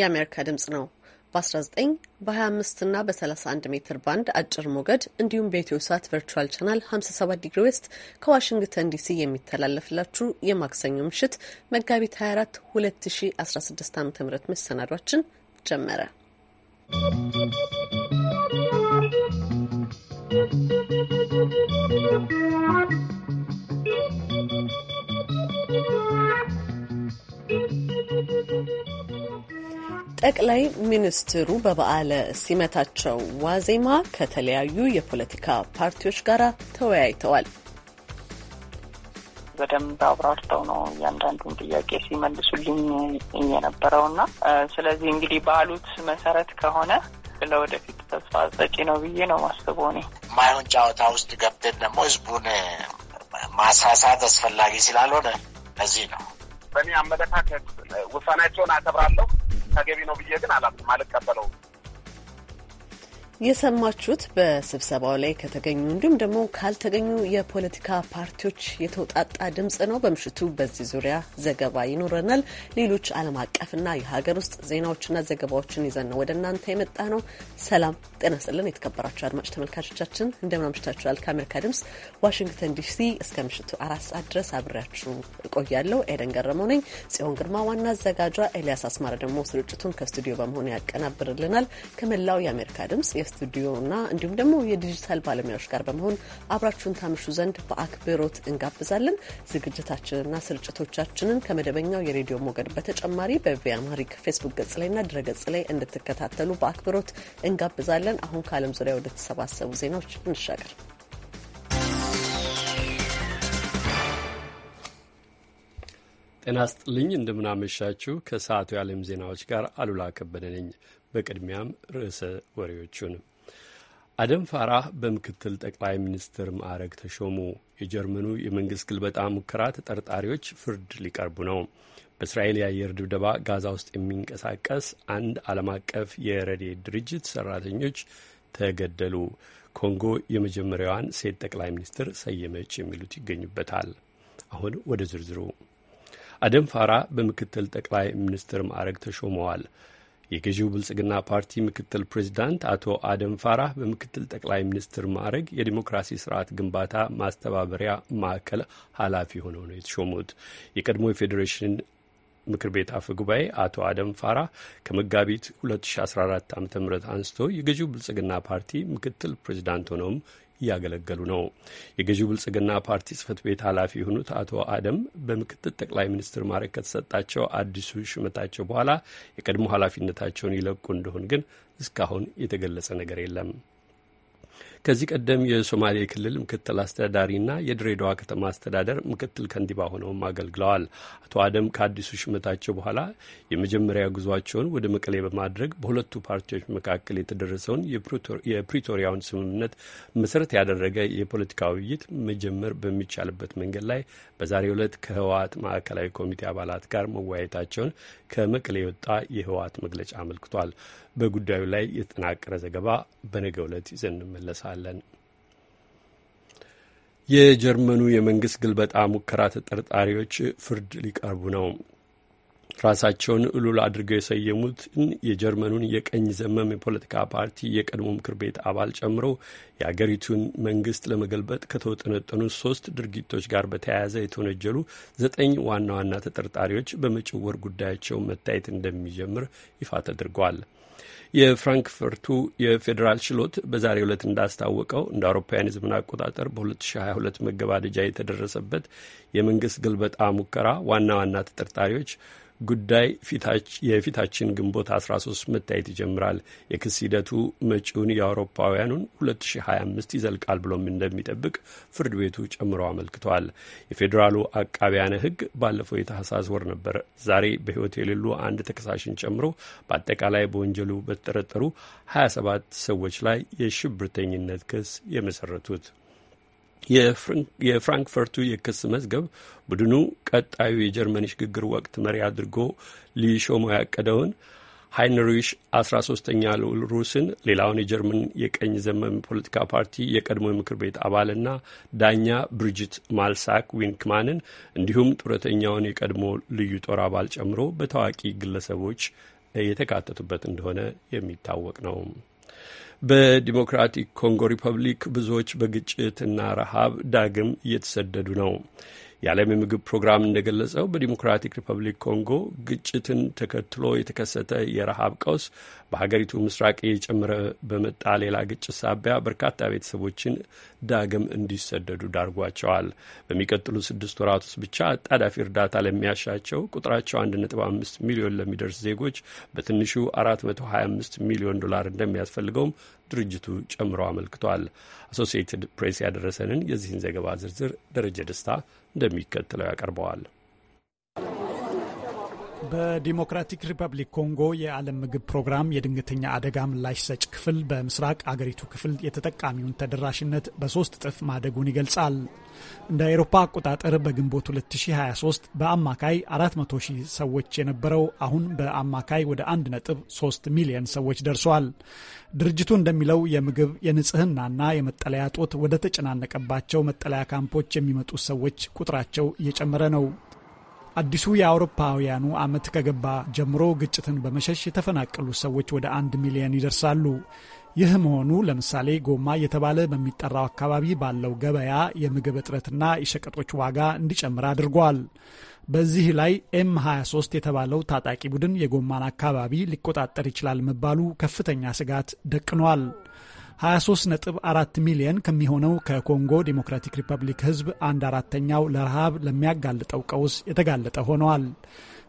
የአሜሪካ ድምጽ ነው። በ19 በ25 እና በ31 ሜትር ባንድ አጭር ሞገድ እንዲሁም በኢትዮ ሳት ቨርቹዋል ቻናል 57 ዲግሪ ዌስት ከዋሽንግተን ዲሲ የሚተላለፍላችሁ የማክሰኞ ምሽት መጋቢት 24 2016 ዓ ም መሰናዷችን ጀመረ። ¶¶ ጠቅላይ ሚኒስትሩ በበዓለ ሲመታቸው ዋዜማ ከተለያዩ የፖለቲካ ፓርቲዎች ጋር ተወያይተዋል። በደንብ አብራርተው ነው እያንዳንዱን ጥያቄ ሲመልሱልኝ የነበረው የነበረውና ስለዚህ እንግዲህ ባሉት መሰረት ከሆነ ለወደፊት ተስፋ ሰጪ ነው ብዬ ነው ማስበው። እኔ ማይሆን ጨዋታ ውስጥ ገብተን ደግሞ ህዝቡን ማሳሳት አስፈላጊ ስላልሆነ እዚህ ነው በእኔ አመለካከት ውሳኔያቸውን አከብራለሁ። ተገቢ ነው ብዬ ግን አላ አልቀበለውም። የሰማችሁት በስብሰባው ላይ ከተገኙ እንዲሁም ደግሞ ካልተገኙ የፖለቲካ ፓርቲዎች የተውጣጣ ድምጽ ነው። በምሽቱ በዚህ ዙሪያ ዘገባ ይኖረናል። ሌሎች ዓለም አቀፍና የሀገር ውስጥ ዜናዎችና ዘገባዎችን ይዘን ነው ወደ እናንተ የመጣ ነው። ሰላም ጤና ስጥልን። የተከበራችሁ አድማጭ ተመልካቾቻችን እንደምን አምሽታችኋል? ከአሜሪካ ድምጽ ዋሽንግተን ዲሲ እስከ ምሽቱ አራት ሰዓት ድረስ አብሬያችሁ እቆያለሁ። ኤደን ገረመው ነኝ። ጽዮን ግርማ ዋና አዘጋጇ፣ ኤልያስ አስማረ ደግሞ ስርጭቱን ከስቱዲዮ በመሆን ያቀናብርልናል። ከመላው የአሜሪካ ድምጽ ስቱዲዮ እና እንዲሁም ደግሞ የዲጂታል ባለሙያዎች ጋር በመሆን አብራችሁን ታምሹ ዘንድ በአክብሮት እንጋብዛለን። ዝግጅታችንና ስርጭቶቻችንን ከመደበኛው የሬዲዮ ሞገድ በተጨማሪ በቪያማሪክ ፌስቡክ ገጽ ላይና ድረ ገጽ ላይ እንድትከታተሉ በአክብሮት እንጋብዛለን። አሁን ከዓለም ዙሪያ ወደተሰባሰቡ ዜናዎች እንሻገር። ጤና ስጥልኝ እንደምናመሻችሁ። ከሰዓቱ የዓለም ዜናዎች ጋር አሉላ ከበደ ነኝ። በቅድሚያም ርዕሰ ወሬዎቹን አደም ፋራህ በምክትል ጠቅላይ ሚኒስትር ማዕረግ ተሾሙ። የጀርመኑ የመንግስት ግልበጣ ሙከራ ተጠርጣሪዎች ፍርድ ሊቀርቡ ነው። በእስራኤል የአየር ድብደባ ጋዛ ውስጥ የሚንቀሳቀስ አንድ ዓለም አቀፍ የረድኤት ድርጅት ሰራተኞች ተገደሉ። ኮንጎ የመጀመሪያዋን ሴት ጠቅላይ ሚኒስትር ሰየመች። የሚሉት ይገኙበታል። አሁን ወደ ዝርዝሩ አደም ፋራ በምክትል ጠቅላይ ሚኒስትር ማዕረግ ተሾመዋል። የገዢው ብልጽግና ፓርቲ ምክትል ፕሬዚዳንት አቶ አደም ፋራህ በምክትል ጠቅላይ ሚኒስትር ማዕረግ የዲሞክራሲ ስርዓት ግንባታ ማስተባበሪያ ማዕከል ኃላፊ ሆነው ነው የተሾሙት። የቀድሞ የፌዴሬሽን ምክር ቤት አፈ ጉባኤ አቶ አደም ፋራ ከመጋቢት 2014 ዓ ም አንስቶ የገዢው ብልጽግና ፓርቲ ምክትል ፕሬዚዳንት ሆነውም እያገለገሉ ነው። የገዢው ብልጽግና ፓርቲ ጽህፈት ቤት ኃላፊ የሆኑት አቶ አደም በምክትል ጠቅላይ ሚኒስትር ማዕረግ ከተሰጣቸው አዲሱ ሹመታቸው በኋላ የቀድሞ ኃላፊነታቸውን ይለቁ እንደሆን ግን እስካሁን የተገለጸ ነገር የለም። ከዚህ ቀደም የሶማሌ ክልል ምክትል አስተዳዳሪና የድሬዳዋ ከተማ አስተዳደር ምክትል ከንቲባ ሆነውም አገልግለዋል። አቶ አደም ከአዲሱ ሹመታቸው በኋላ የመጀመሪያ ጉዟቸውን ወደ መቀሌ በማድረግ በሁለቱ ፓርቲዎች መካከል የተደረሰውን የፕሪቶሪያውን ስምምነት መሰረት ያደረገ የፖለቲካ ውይይት መጀመር በሚቻልበት መንገድ ላይ በዛሬው ዕለት ከህወሓት ማዕከላዊ ኮሚቴ አባላት ጋር መወያየታቸውን ከመቀሌ የወጣ የህወሓት መግለጫ አመልክቷል። በጉዳዩ ላይ የተጠናቀረ ዘገባ በነገ ዕለት ይዘን እንመለሳለን። እናመሰግናለን። የጀርመኑ የመንግስት ግልበጣ ሙከራ ተጠርጣሪዎች ፍርድ ሊቀርቡ ነው። ራሳቸውን እሉል አድርገው የሰየሙትን የጀርመኑን የቀኝ ዘመም የፖለቲካ ፓርቲ የቀድሞ ምክር ቤት አባል ጨምሮ የአገሪቱን መንግስት ለመገልበጥ ከተወጠነጠኑ ሶስት ድርጊቶች ጋር በተያያዘ የተወነጀሉ ዘጠኝ ዋና ዋና ተጠርጣሪዎች በመጭወር ጉዳያቸው መታየት እንደሚጀምር ይፋ ተደርጓል። የፍራንክፈርቱ የፌዴራል ችሎት በዛሬው ዕለት እንዳስታወቀው እንደ አውሮፓውያን የዘመን አቆጣጠር በ2022 መገባደጃ የተደረሰበት የመንግስት ግልበጣ ሙከራ ዋና ዋና ተጠርጣሪዎች ጉዳይ የፊታችን ግንቦት 13 መታየት ይጀምራል። የክስ ሂደቱ መጪውን የአውሮፓውያኑን 2025 ይዘልቃል ብሎም እንደሚጠብቅ ፍርድ ቤቱ ጨምሮ አመልክቷል። የፌዴራሉ አቃቢያነ ሕግ ባለፈው የታህሳስ ወር ነበር ዛሬ በሕይወት የሌሉ አንድ ተከሳሽን ጨምሮ በአጠቃላይ በወንጀሉ በተጠረጠሩ 27 ሰዎች ላይ የሽብርተኝነት ክስ የመሰረቱት። የፍራንክፈርቱ የክስ መዝገብ ቡድኑ ቀጣዩ የጀርመን ሽግግር ወቅት መሪ አድርጎ ሊሾመው ያቀደውን ሃይንሪሽ 13 ሶስተኛ ልዑል ሩስን ሌላውን የጀርመን የቀኝ ዘመን ፖለቲካ ፓርቲ የቀድሞ የምክር ቤት አባልና ዳኛ ብሪጅት ማልሳክ ዊንክማንን እንዲሁም ጡረተኛውን የቀድሞ ልዩ ጦር አባል ጨምሮ በታዋቂ ግለሰቦች የተካተቱበት እንደሆነ የሚታወቅ ነው። በዲሞክራቲክ ኮንጎ ሪፐብሊክ ብዙዎች በግጭትና ረሃብ ዳግም እየተሰደዱ ነው። የዓለም የምግብ ፕሮግራም እንደገለጸው በዲሞክራቲክ ሪፐብሊክ ኮንጎ ግጭትን ተከትሎ የተከሰተ የረሃብ ቀውስ በሀገሪቱ ምስራቅ እየጨመረ በመጣ ሌላ ግጭት ሳቢያ በርካታ ቤተሰቦችን ዳግም እንዲሰደዱ ዳርጓቸዋል። በሚቀጥሉ ስድስት ወራት ውስጥ ብቻ አጣዳፊ እርዳታ ለሚያሻቸው ቁጥራቸው 1.5 ሚሊዮን ለሚደርስ ዜጎች በትንሹ 425 ሚሊዮን ዶላር እንደሚያስፈልገውም ድርጅቱ ጨምሮ አመልክቷል። አሶሲኤትድ ፕሬስ ያደረሰንን የዚህን ዘገባ ዝርዝር ደረጀ ደስታ እንደሚከተለው ያቀርበዋል። በዲሞክራቲክ ሪፐብሊክ ኮንጎ የዓለም ምግብ ፕሮግራም የድንገተኛ አደጋ ምላሽ ሰጭ ክፍል በምስራቅ አገሪቱ ክፍል የተጠቃሚውን ተደራሽነት በሶስት እጥፍ ማደጉን ይገልጻል። እንደ አውሮፓ አቆጣጠር በግንቦት 2023 በአማካይ 400 ሺህ ሰዎች የነበረው አሁን በአማካይ ወደ 1.3 ሚሊዮን ሰዎች ደርሷል። ድርጅቱ እንደሚለው የምግብ የንጽህናና የመጠለያ ጦት ወደ ተጨናነቀባቸው መጠለያ ካምፖች የሚመጡ ሰዎች ቁጥራቸው እየጨመረ ነው። አዲሱ የአውሮፓውያኑ ዓመት ከገባ ጀምሮ ግጭትን በመሸሽ የተፈናቀሉ ሰዎች ወደ አንድ ሚሊዮን ይደርሳሉ። ይህ መሆኑ ለምሳሌ ጎማ እየተባለ በሚጠራው አካባቢ ባለው ገበያ የምግብ እጥረትና የሸቀጦች ዋጋ እንዲጨምር አድርጓል። በዚህ ላይ ኤም 23 የተባለው ታጣቂ ቡድን የጎማን አካባቢ ሊቆጣጠር ይችላል መባሉ ከፍተኛ ስጋት ደቅኗል። 23.4 ሚሊየን ከሚሆነው ከኮንጎ ዴሞክራቲክ ሪፐብሊክ ህዝብ አንድ አራተኛው ለረሃብ ለሚያጋልጠው ቀውስ የተጋለጠ ሆነዋል።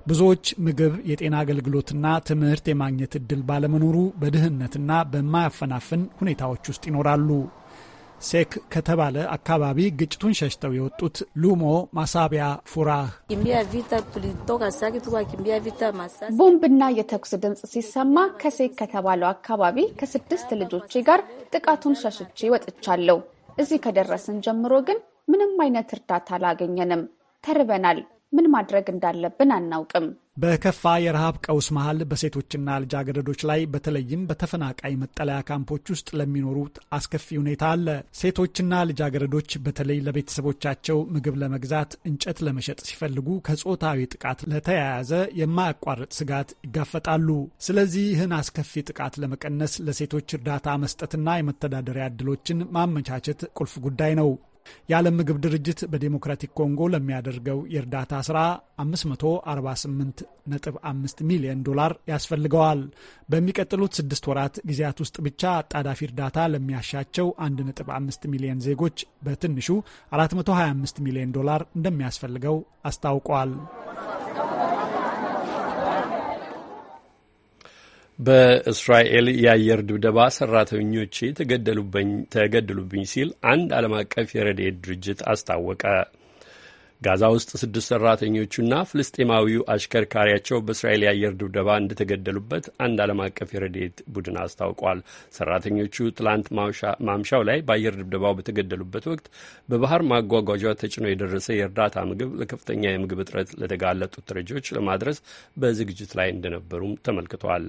ብዙዎች ምግብ፣ የጤና አገልግሎትና ትምህርት የማግኘት እድል ባለመኖሩ በድህነትና በማያፈናፍን ሁኔታዎች ውስጥ ይኖራሉ። ሴክ ከተባለ አካባቢ ግጭቱን ሸሽተው የወጡት ሉሞ ማሳቢያ ፉራህ ቦምብና የተኩስ ድምፅ ሲሰማ ከሴክ ከተባለው አካባቢ ከስድስት ልጆቼ ጋር ጥቃቱን ሸሽቼ ወጥቻለሁ። እዚህ ከደረስን ጀምሮ ግን ምንም አይነት እርዳታ አላገኘንም። ተርበናል። ምን ማድረግ እንዳለብን አናውቅም። በከፋ የረሃብ ቀውስ መሀል በሴቶችና ልጃገረዶች ላይ በተለይም በተፈናቃይ መጠለያ ካምፖች ውስጥ ለሚኖሩት አስከፊ ሁኔታ አለ። ሴቶችና ልጃገረዶች በተለይ ለቤተሰቦቻቸው ምግብ ለመግዛት እንጨት ለመሸጥ ሲፈልጉ ከጾታዊ ጥቃት ለተያያዘ የማያቋርጥ ስጋት ይጋፈጣሉ። ስለዚህ ይህን አስከፊ ጥቃት ለመቀነስ ለሴቶች እርዳታ መስጠትና የመተዳደሪያ ዕድሎችን ማመቻቸት ቁልፍ ጉዳይ ነው። የዓለም ምግብ ድርጅት በዴሞክራቲክ ኮንጎ ለሚያደርገው የእርዳታ ስራ 548.5 ሚሊዮን ዶላር ያስፈልገዋል። በሚቀጥሉት ስድስት ወራት ጊዜያት ውስጥ ብቻ አጣዳፊ እርዳታ ለሚያሻቸው 1.5 ሚሊዮን ዜጎች በትንሹ 425 ሚሊዮን ዶላር እንደሚያስፈልገው አስታውቋል። በእስራኤል የአየር ድብደባ ሰራተኞቼ ተገደሉብኝ ሲል አንድ ዓለም አቀፍ የረድኤት ድርጅት አስታወቀ። ጋዛ ውስጥ ስድስት ሰራተኞቹና ፍልስጤማዊው አሽከርካሪያቸው በእስራኤል የአየር ድብደባ እንደተገደሉበት አንድ ዓለም አቀፍ የረድኤት ቡድን አስታውቋል። ሰራተኞቹ ትላንት ማምሻው ላይ በአየር ድብደባው በተገደሉበት ወቅት በባህር ማጓጓዣ ተጭኖ የደረሰ የእርዳታ ምግብ ለከፍተኛ የምግብ እጥረት ለተጋለጡት ተረጂዎች ለማድረስ በዝግጅት ላይ እንደነበሩም ተመልክተዋል።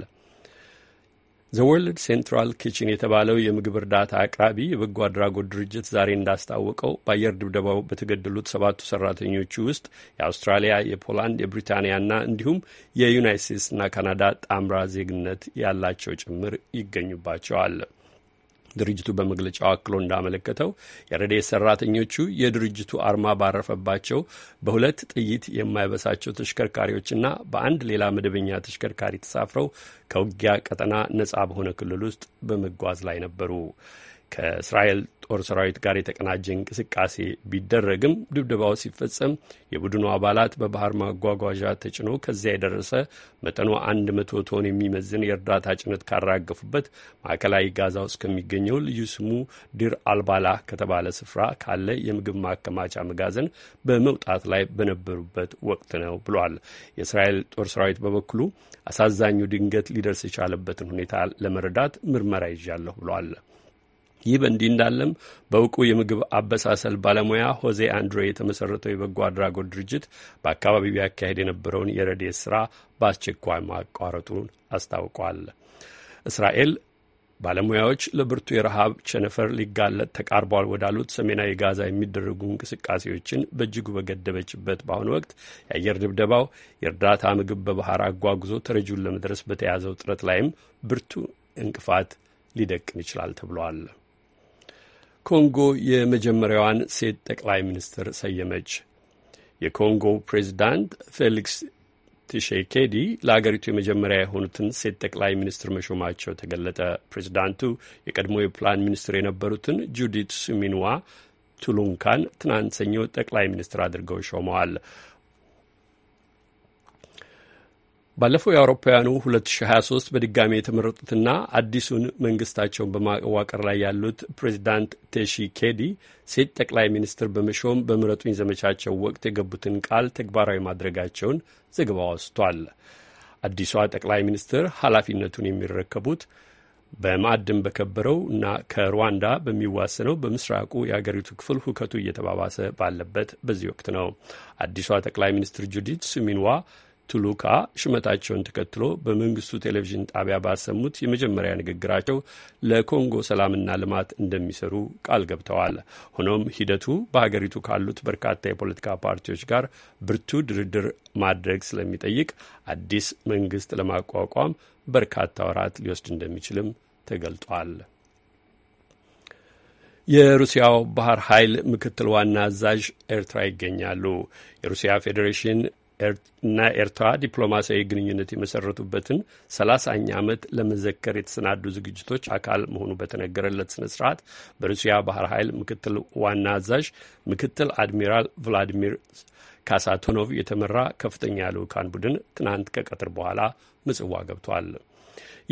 ወርልድ ሴንትራል ኪችን የተባለው የምግብ እርዳታ አቅራቢ የበጎ አድራጎት ድርጅት ዛሬ እንዳስታወቀው በአየር ድብደባው በተገደሉት ሰባቱ ሰራተኞቹ ውስጥ የአውስትራሊያ፣ የፖላንድ፣ የብሪታንያና እንዲሁም የዩናይት ስቴትስና ካናዳ ጣምራ ዜግነት ያላቸው ጭምር ይገኙባቸዋል። ድርጅቱ በመግለጫው አክሎ እንዳመለከተው የረድኤት ሰራተኞቹ የድርጅቱ አርማ ባረፈባቸው በሁለት ጥይት የማይበሳቸው ተሽከርካሪዎችና በአንድ ሌላ መደበኛ ተሽከርካሪ ተሳፍረው ከውጊያ ቀጠና ነጻ በሆነ ክልል ውስጥ በመጓዝ ላይ ነበሩ። ከእስራኤል ጦር ሰራዊት ጋር የተቀናጀ እንቅስቃሴ ቢደረግም ድብደባው ሲፈጸም የቡድኑ አባላት በባህር ማጓጓዣ ተጭኖ ከዚያ የደረሰ መጠኑ አንድ መቶ ቶን የሚመዝን የእርዳታ ጭነት ካራገፉበት ማዕከላዊ ጋዛ ውስጥ ከሚገኘው ልዩ ስሙ ዲር አልባላ ከተባለ ስፍራ ካለ የምግብ ማከማቻ መጋዘን በመውጣት ላይ በነበሩበት ወቅት ነው ብሏል። የእስራኤል ጦር ሰራዊት በበኩሉ አሳዛኙ ድንገት ሊደርስ የቻለበትን ሁኔታ ለመረዳት ምርመራ ይዣለሁ ብሏል። ይህ በእንዲህ እንዳለም በእውቁ የምግብ አበሳሰል ባለሙያ ሆዜ አንድሬ የተመሰረተው የበጎ አድራጎት ድርጅት በአካባቢው ያካሄድ የነበረውን የረድኤት ስራ በአስቸኳይ ማቋረጡን አስታውቋል። እስራኤል ባለሙያዎች ለብርቱ የረሃብ ቸነፈር ሊጋለጥ ተቃርቧል ወዳሉት ሰሜናዊ ጋዛ የሚደረጉ እንቅስቃሴዎችን በእጅጉ በገደበችበት በአሁኑ ወቅት የአየር ድብደባው የእርዳታ ምግብ በባህር አጓጉዞ ተረጂውን ለመድረስ በተያዘው ጥረት ላይም ብርቱ እንቅፋት ሊደቅን ይችላል ተብሏል። ኮንጎ የመጀመሪያዋን ሴት ጠቅላይ ሚኒስትር ሰየመች። የኮንጎ ፕሬዚዳንት ፌሊክስ ቲሼኬዲ ለአገሪቱ የመጀመሪያ የሆኑትን ሴት ጠቅላይ ሚኒስትር መሾማቸው ተገለጠ። ፕሬዚዳንቱ የቀድሞ የፕላን ሚኒስትር የነበሩትን ጁዲት ሱሚንዋ ቱሉንካን ትናንት ሰኞ ጠቅላይ ሚኒስትር አድርገው ሾመዋል። ባለፈው የአውሮፓውያኑ 2023 በድጋሚ የተመረጡትና አዲሱን መንግስታቸውን በማዋቀር ላይ ያሉት ፕሬዚዳንት ቴሺኬዲ ሴት ጠቅላይ ሚኒስትር በመሾም በምረጡኝ ዘመቻቸው ወቅት የገቡትን ቃል ተግባራዊ ማድረጋቸውን ዘግባ ወስቷል። አዲሷ ጠቅላይ ሚኒስትር ኃላፊነቱን የሚረከቡት በማዕድን በከበረው እና ከሩዋንዳ በሚዋሰነው በምስራቁ የአገሪቱ ክፍል ሁከቱ እየተባባሰ ባለበት በዚህ ወቅት ነው። አዲሷ ጠቅላይ ሚኒስትር ጁዲት ሱሚንዋ ቱሉካ ሹመታቸውን ተከትሎ በመንግስቱ ቴሌቪዥን ጣቢያ ባሰሙት የመጀመሪያ ንግግራቸው ለኮንጎ ሰላምና ልማት እንደሚሰሩ ቃል ገብተዋል። ሆኖም ሂደቱ በሀገሪቱ ካሉት በርካታ የፖለቲካ ፓርቲዎች ጋር ብርቱ ድርድር ማድረግ ስለሚጠይቅ አዲስ መንግስት ለማቋቋም በርካታ ወራት ሊወስድ እንደሚችልም ተገልጧል። የሩሲያው ባህር ኃይል ምክትል ዋና አዛዥ ኤርትራ ይገኛሉ። የሩሲያ ፌዴሬሽን እና ኤርትራ ዲፕሎማሲያዊ ግንኙነት የመሰረቱበትን ሰላሳኛ ዓመት ለመዘከር የተሰናዱ ዝግጅቶች አካል መሆኑ በተነገረለት ስነ ስርዓት በሩሲያ ባህር ኃይል ምክትል ዋና አዛዥ ምክትል አድሚራል ቭላዲሚር ካሳቶኖቭ የተመራ ከፍተኛ ልዑካን ቡድን ትናንት ከቀትር በኋላ ምጽዋ ገብቷል።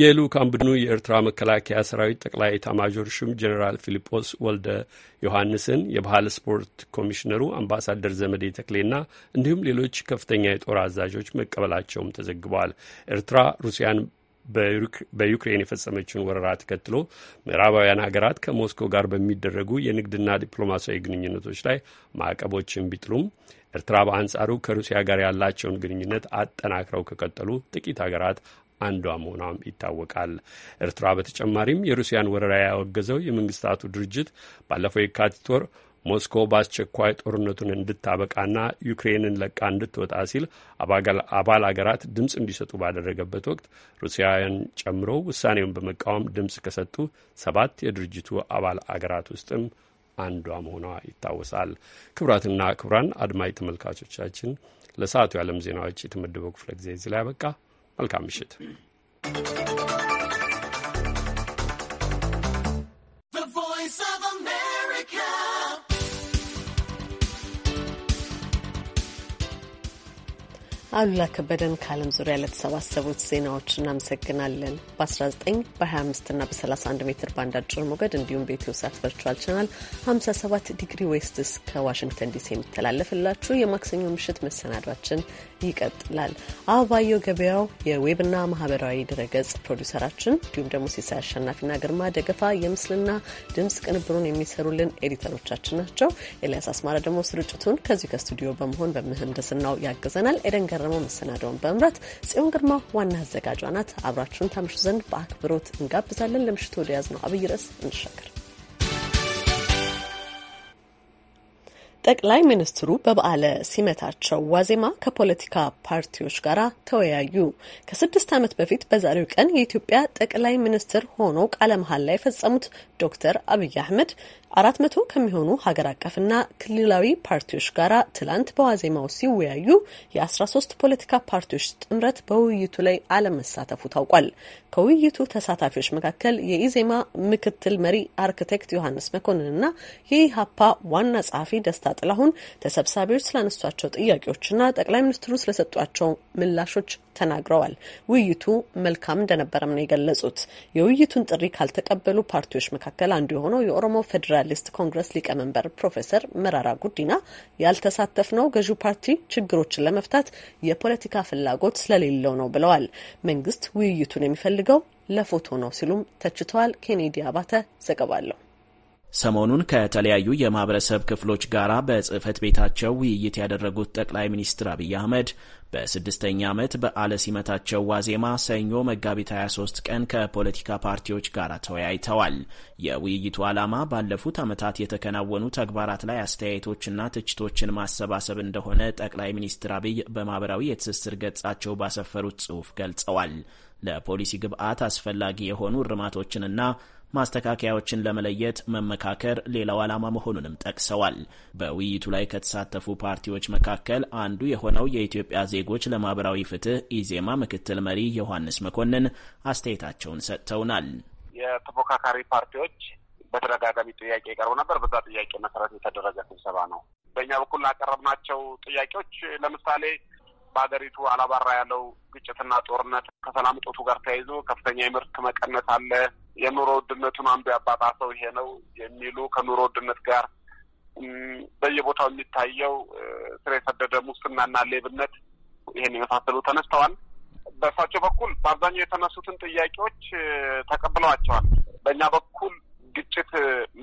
የልዑካን ቡድኑ የኤርትራ መከላከያ ሰራዊት ጠቅላይ ኤታማዦር ሹም ጀኔራል ፊልጶስ ወልደ ዮሐንስን፣ የባህል ስፖርት ኮሚሽነሩ አምባሳደር ዘመዴ ተክሌና እንዲሁም ሌሎች ከፍተኛ የጦር አዛዦች መቀበላቸውም ተዘግበዋል። ኤርትራ ሩሲያን በዩክሬን የፈጸመችውን ወረራ ተከትሎ ምዕራባውያን ሀገራት ከሞስኮ ጋር በሚደረጉ የንግድና ዲፕሎማሲያዊ ግንኙነቶች ላይ ማዕቀቦችን ቢጥሉም ኤርትራ በአንጻሩ ከሩሲያ ጋር ያላቸውን ግንኙነት አጠናክረው ከቀጠሉ ጥቂት ሀገራት አንዷ መሆኗም ይታወቃል። ኤርትራ በተጨማሪም የሩሲያን ወረራ ያወገዘው የመንግስታቱ ድርጅት ባለፈው የካቲት ወር ሞስኮ በአስቸኳይ ጦርነቱን እንድታበቃና ዩክሬንን ለቃ እንድትወጣ ሲል አባል አገራት ድምፅ እንዲሰጡ ባደረገበት ወቅት ሩሲያውያን ጨምሮ ውሳኔውን በመቃወም ድምፅ ከሰጡ ሰባት የድርጅቱ አባል አገራት ውስጥም አንዷ መሆኗ ይታወሳል። ክቡራትና ክቡራን አድማጭ ተመልካቾቻችን ለሰዓቱ የዓለም ዜናዎች የተመደበው ክፍለ ጊዜ እዚህ ላይ አበቃ። መልካም ምሽት። አሉላ ከበደን ከዓለም ዙሪያ ለተሰባሰቡት ዜናዎች እናመሰግናለን። በ19 በ25 እና በ31 ሜትር ባንድ አጭር ሞገድ እንዲሁም በኢትዮ ሳት ቨርቹዋል ቻናል 57 ዲግሪ ዌስትስ ከዋሽንግተን ዲሲ የሚተላለፍላችሁ የማክሰኞ ምሽት መሰናዷችን ይቀጥላል። አበባየው ገበያው የዌብና ማህበራዊ ድረገጽ ፕሮዲውሰራችን፣ እንዲሁም ደግሞ ሲሳይ አሸናፊና ግርማ ደገፋ የምስልና ድምፅ ቅንብሩን የሚሰሩልን ኤዲተሮቻችን ናቸው። ኤልያስ አስማራ ደግሞ ስርጭቱን ከዚሁ ከስቱዲዮ በመሆን በምህንድስናው ያግዘናል። ኤደን ገረመው መሰናደውን በመምራት ጽዮን ግርማ ዋና አዘጋጇ ናት። አብራችሁን ታምሹ ዘንድ በአክብሮት እንጋብዛለን። ለምሽቱ ወደ ያዝነው አብይ ርዕስ እንሻገር። ጠቅላይ ሚኒስትሩ በበዓለ ሲመታቸው ዋዜማ ከፖለቲካ ፓርቲዎች ጋር ተወያዩ። ከስድስት ዓመት በፊት በዛሬው ቀን የኢትዮጵያ ጠቅላይ ሚኒስትር ሆነው ቃለ መሀል ላይ የፈጸሙት ዶክተር አብይ አህመድ አራት መቶ ከሚሆኑ ሀገር አቀፍና ክልላዊ ፓርቲዎች ጋራ ትላንት በዋዜማው ሲወያዩ የአስራ ሶስት ፖለቲካ ፓርቲዎች ጥምረት በውይይቱ ላይ አለመሳተፉ ታውቋል። ከውይይቱ ተሳታፊዎች መካከል የኢዜማ ምክትል መሪ አርክቴክት ዮሐንስ መኮንንና የኢሀፓ ዋና ጸሐፊ ደስታ ጥላሁን ተሰብሳቢዎች ስላነሷቸው ጥያቄዎችና ጠቅላይ ሚኒስትሩ ስለሰጧቸው ምላሾች ተናግረዋል። ውይይቱ መልካም እንደነበረም ነው የገለጹት። የውይይቱን ጥሪ ካልተቀበሉ ፓርቲዎች መካከል አንዱ የሆነው የኦሮሞ ፌዴራል ሶሻሊስት ኮንግረስ ሊቀመንበር ፕሮፌሰር መራራ ጉዲና ያልተሳተፍነው ገዢው ፓርቲ ችግሮችን ለመፍታት የፖለቲካ ፍላጎት ስለሌለው ነው ብለዋል። መንግስት ውይይቱን የሚፈልገው ለፎቶ ነው ሲሉም ተችተዋል። ኬኔዲ አባተ ዘገባለሁ። ሰሞኑን ከተለያዩ የማህበረሰብ ክፍሎች ጋር በጽህፈት ቤታቸው ውይይት ያደረጉት ጠቅላይ ሚኒስትር አብይ አህመድ በስድስተኛ ዓመት በዓለ ሲመታቸው ዋዜማ ሰኞ መጋቢት 23 ቀን ከፖለቲካ ፓርቲዎች ጋር ተወያይተዋል። የውይይቱ ዓላማ ባለፉት ዓመታት የተከናወኑ ተግባራት ላይ አስተያየቶችና ትችቶችን ማሰባሰብ እንደሆነ ጠቅላይ ሚኒስትር አብይ በማህበራዊ የትስስር ገጻቸው ባሰፈሩት ጽሑፍ ገልጸዋል። ለፖሊሲ ግብዓት አስፈላጊ የሆኑ እርማቶችንና ማስተካከያዎችን ለመለየት መመካከር ሌላው ዓላማ መሆኑንም ጠቅሰዋል። በውይይቱ ላይ ከተሳተፉ ፓርቲዎች መካከል አንዱ የሆነው የኢትዮጵያ ዜጎች ለማህበራዊ ፍትህ ኢዜማ ምክትል መሪ ዮሐንስ መኮንን አስተያየታቸውን ሰጥተውናል። የተፎካካሪ ፓርቲዎች በተደጋጋሚ ጥያቄ ይቀርቡ ነበር። በዛ ጥያቄ መሰረት የተደረገ ስብሰባ ነው። በእኛ በኩል ላቀረብናቸው ጥያቄዎች ለምሳሌ በሀገሪቱ አላባራ ያለው ግጭትና ጦርነት ከሰላም እጦቱ ጋር ተያይዞ ከፍተኛ የምርት መቀነት አለ። የኑሮ ውድነቱን አንዱ ያባባሰው ይሄ ነው የሚሉ ከኑሮ ውድነት ጋር በየቦታው የሚታየው ስር የሰደደ ሙስናና ሌብነት ይሄን የመሳሰሉ ተነስተዋል። በእሳቸው በኩል በአብዛኛው የተነሱትን ጥያቄዎች ተቀብለዋቸዋል። በእኛ በኩል ግጭት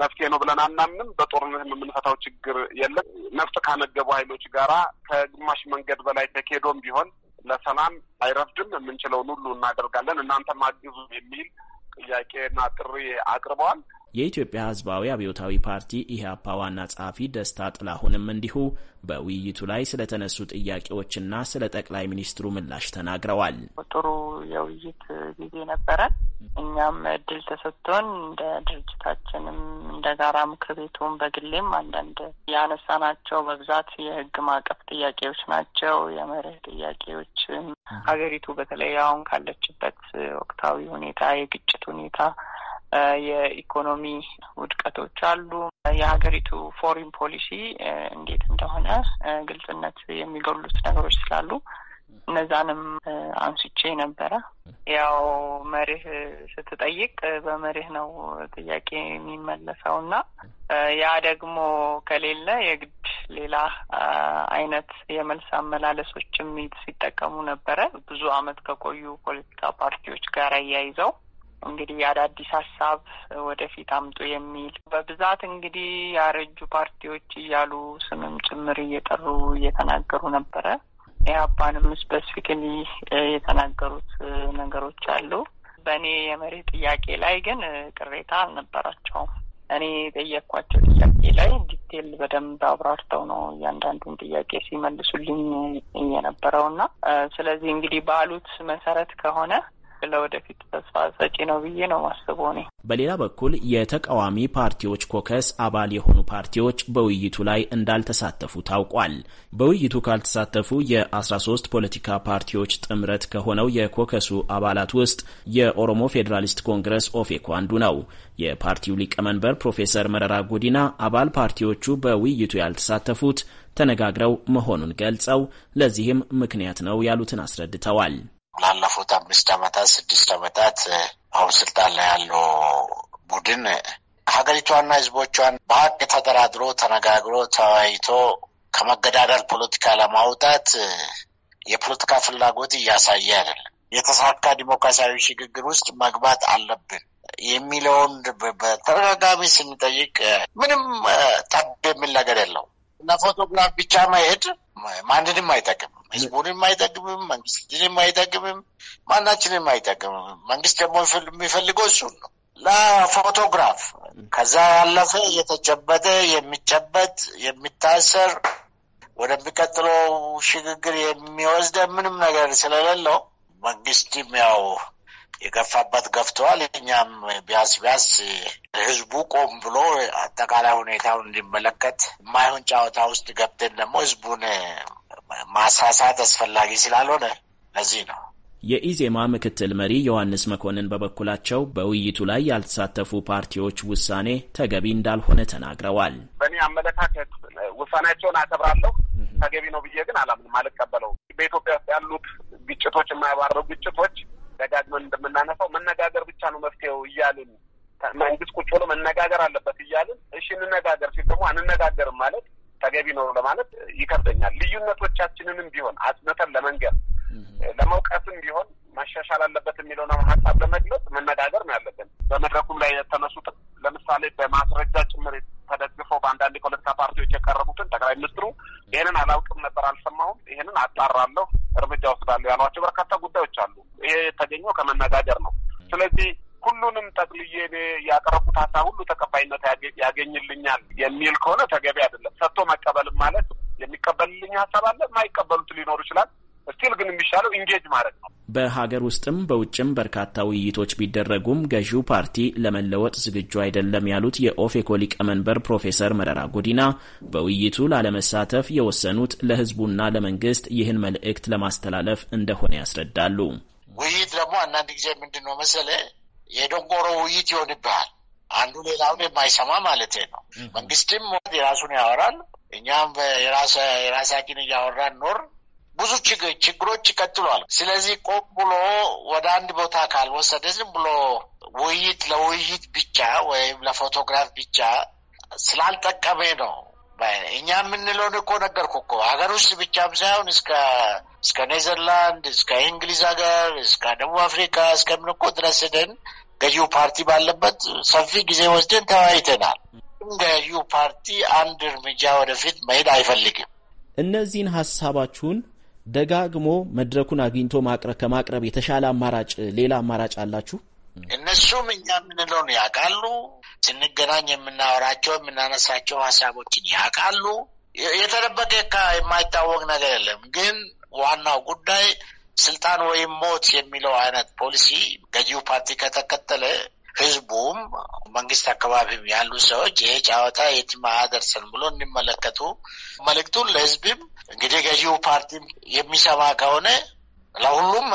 መፍትሄ ነው ብለን አናምንም። በጦርነት የምንፈታው ችግር የለም። ነፍጥ ካነገቡ ኃይሎች ጋራ ከግማሽ መንገድ በላይ ተኬዶም ቢሆን ለሰላም አይረፍድም። የምንችለውን ሁሉ እናደርጋለን፣ እናንተም አግዙ የሚል ጥያቄና ጥሪ አቅርበዋል። የኢትዮጵያ ህዝባዊ አብዮታዊ ፓርቲ ኢህአፓ ዋና ጸሐፊ ደስታ ጥላሁንም እንዲሁ በውይይቱ ላይ ስለተነሱ ጥያቄዎችና ስለ ጠቅላይ ሚኒስትሩ ምላሽ ተናግረዋል። ጥሩ የውይይት ጊዜ ነበረን። እኛም እድል ተሰጥቶን እንደ ድርጅታችንም እንደ ጋራ ምክር ቤቱም በግሌም አንዳንድ ያነሳናቸው በብዛት የህግ ማዕቀፍ ጥያቄዎች ናቸው። የመርህ ጥያቄዎች ሀገሪቱ በተለይ አሁን ካለችበት ወቅታዊ ሁኔታ የግጭት ሁኔታ የኢኮኖሚ ውድቀቶች አሉ። የሀገሪቱ ፎሪን ፖሊሲ እንዴት እንደሆነ ግልጽነት የሚጎሉት ነገሮች ስላሉ እነዛንም አንስቼ ነበረ። ያው መርህ ስትጠይቅ በመርህ ነው ጥያቄ የሚመለሰው እና ያ ደግሞ ከሌለ የግድ ሌላ አይነት የመልስ አመላለሶችም ሲጠቀሙ ነበረ። ብዙ አመት ከቆዩ ፖለቲካ ፓርቲዎች ጋር አያይዘው እንግዲህ የአዳዲስ ሀሳብ ወደፊት አምጡ የሚል በብዛት እንግዲህ ያረጁ ፓርቲዎች እያሉ ስምም ጭምር እየጠሩ እየተናገሩ ነበረ። ኢህአፓንም ስፔሲፊክሊ የተናገሩት ነገሮች አሉ። በእኔ የመሬት ጥያቄ ላይ ግን ቅሬታ አልነበራቸውም። እኔ የጠየኳቸው ጥያቄ ላይ ዲቴል በደንብ አብራርተው ነው እያንዳንዱን ጥያቄ ሲመልሱልኝ የነበረው እና ስለዚህ እንግዲህ ባሉት መሰረት ከሆነ ለወደፊት ተስፋ ሰጪ ነው ብዬ ነው ማስበው እኔ። በሌላ በኩል የተቃዋሚ ፓርቲዎች ኮከስ አባል የሆኑ ፓርቲዎች በውይይቱ ላይ እንዳልተሳተፉ ታውቋል። በውይይቱ ካልተሳተፉ የ13 ፖለቲካ ፓርቲዎች ጥምረት ከሆነው የኮከሱ አባላት ውስጥ የኦሮሞ ፌዴራሊስት ኮንግረስ ኦፌኮ አንዱ ነው። የፓርቲው ሊቀመንበር ፕሮፌሰር መረራ ጉዲና አባል ፓርቲዎቹ በውይይቱ ያልተሳተፉት ተነጋግረው መሆኑን ገልጸው ለዚህም ምክንያት ነው ያሉትን አስረድተዋል። ላለፉት አምስት ዓመታት ስድስት ዓመታት አሁን ስልጣን ላይ ያለው ቡድን ሀገሪቷና ህዝቦቿን በሀቅ ተደራድሮ ተነጋግሮ ተወያይቶ ከመገዳደል ፖለቲካ ለማውጣት የፖለቲካ ፍላጎት እያሳየ አይደለም። የተሳካ ዲሞክራሲያዊ ሽግግር ውስጥ መግባት አለብን የሚለውን በተደጋጋሚ ስንጠይቅ ምንም ጠብ የሚል ነገር የለው እና ፎቶግራፍ ብቻ መሄድ ማንንም አይጠቅም። ህዝቡንም አይጠግምም፣ መንግስትንም ማይጠቅምም ማናችን ማይጠቅምም መንግስት ደግሞ የሚፈልገው እሱን ነው ለፎቶግራፍ ከዛ ያለፈ የተጨበጠ የሚጨበጥ የሚታሰር ወደሚቀጥለው ሽግግር የሚወስደ ምንም ነገር ስለሌለው መንግስትም ያው የገፋበት ገፍተዋል። እኛም ቢያስ ቢያስ ህዝቡ ቆም ብሎ አጠቃላይ ሁኔታውን እንዲመለከት የማይሆን ጨዋታ ውስጥ ገብተን ደግሞ ህዝቡን ማሳሳት አስፈላጊ ስላልሆነ ለዚህ ነው። የኢዜማ ምክትል መሪ ዮሐንስ መኮንን በበኩላቸው በውይይቱ ላይ ያልተሳተፉ ፓርቲዎች ውሳኔ ተገቢ እንዳልሆነ ተናግረዋል። በእኔ አመለካከት ውሳኔያቸውን አከብራለሁ። ተገቢ ነው ብዬ ግን አላምንም፣ አልቀበለውም። በኢትዮጵያ ውስጥ ያሉት ግጭቶች፣ የማያባረሩ ግጭቶች ደጋግመን እንደምናነሳው መነጋገር ብቻ ነው መፍትሄው እያልን መንግስት ቁጭ ብሎ መነጋገር አለበት እያልን እሺ እንነጋገር ሲል ደግሞ አንነጋገርም ማለት ተገቢ ነው ለማለት ይከብደኛል። ልዩነቶቻችንንም ቢሆን አጽንተን ለመንገር ለመውቀስም ቢሆን መሻሻል አለበት የሚለውን ሀሳብ ለመግለጽ መነጋገር ነው ያለብን። በመድረኩም ላይ የተነሱት ለምሳሌ በማስረጃ ጭምር ተደግፈው በአንዳንድ የፖለቲካ ፓርቲዎች የቀረቡትን ጠቅላይ ሚኒስትሩ ይህንን አላውቅም ነበር፣ አልሰማሁም፣ ይህንን አጣራለሁ፣ እርምጃ ወስዳለሁ ያሏቸው በርካታ ጉዳዮች አሉ። ይሄ የተገኘው ከመነጋገር ነው። ስለዚህ ሁሉንም ጠቅልዬ እኔ ያቀረቡት ሀሳብ ሁሉ ተቀባይነት ያገኝልኛል የሚል ከሆነ ተገቢ አይደለም። ሰጥቶ መቀበልም ማለት የሚቀበልልኝ ሀሳብ አለ፣ የማይቀበሉት ሊኖሩ ይችላል። ስቲል ግን የሚሻለው ኢንጌጅ ማድረግ ነው። በሀገር ውስጥም በውጭም በርካታ ውይይቶች ቢደረጉም ገዢው ፓርቲ ለመለወጥ ዝግጁ አይደለም ያሉት የኦፌኮ ሊቀመንበር ፕሮፌሰር መረራ ጉዲና በውይይቱ ላለመሳተፍ የወሰኑት ለሕዝቡና ለመንግስት ይህን መልእክት ለማስተላለፍ እንደሆነ ያስረዳሉ። ውይይት ደግሞ አንዳንድ ጊዜ ምንድን ነው መሰለህ የደንጎሮ ውይይት ይሆንብሃል። አንዱ ሌላውን የማይሰማ ማለት ነው። መንግስትም የራሱን ያወራል፣ እኛም የራሳችን እያወራን ኖር ብዙ ችግሮች ይቀጥሏል። ስለዚህ ቆም ብሎ ወደ አንድ ቦታ ካልወሰደ ዝም ብሎ ውይይት ለውይይት ብቻ ወይም ለፎቶግራፍ ብቻ ስላልጠቀመ ነው። እኛ የምንለውን እኮ ነገርኩ እኮ ሀገር ውስጥ ብቻም ሳይሆን እስከ እስከ ኔዘርላንድ እስከ እንግሊዝ ሀገር እስከ ደቡብ አፍሪካ እስከምን እኮ ድረስ ሄደን ገዢው ፓርቲ ባለበት ሰፊ ጊዜ ወስደን ተወያይተናል። ገዢው ፓርቲ አንድ እርምጃ ወደፊት መሄድ አይፈልግም። እነዚህን ሀሳባችሁን ደጋግሞ መድረኩን አግኝቶ ማቅረብ ከማቅረብ የተሻለ አማራጭ ሌላ አማራጭ አላችሁ? እነሱም እኛ የምንለውን ያውቃሉ። ስንገናኝ የምናወራቸው የምናነሳቸው ሀሳቦችን ያውቃሉ። የተደበቀ የማይታወቅ ነገር የለም። ግን ዋናው ጉዳይ ስልጣን ወይም ሞት የሚለው አይነት ፖሊሲ ገዢው ፓርቲ ከተከተለ ህዝቡም መንግስት አካባቢም ያሉ ሰዎች ይሄ ጨዋታ የትም አያደርሰን ብሎ እንዲመለከቱ መልእክቱን ለህዝብም እንግዲህ ገዢው ፓርቲም የሚሰማ ከሆነ ለሁሉም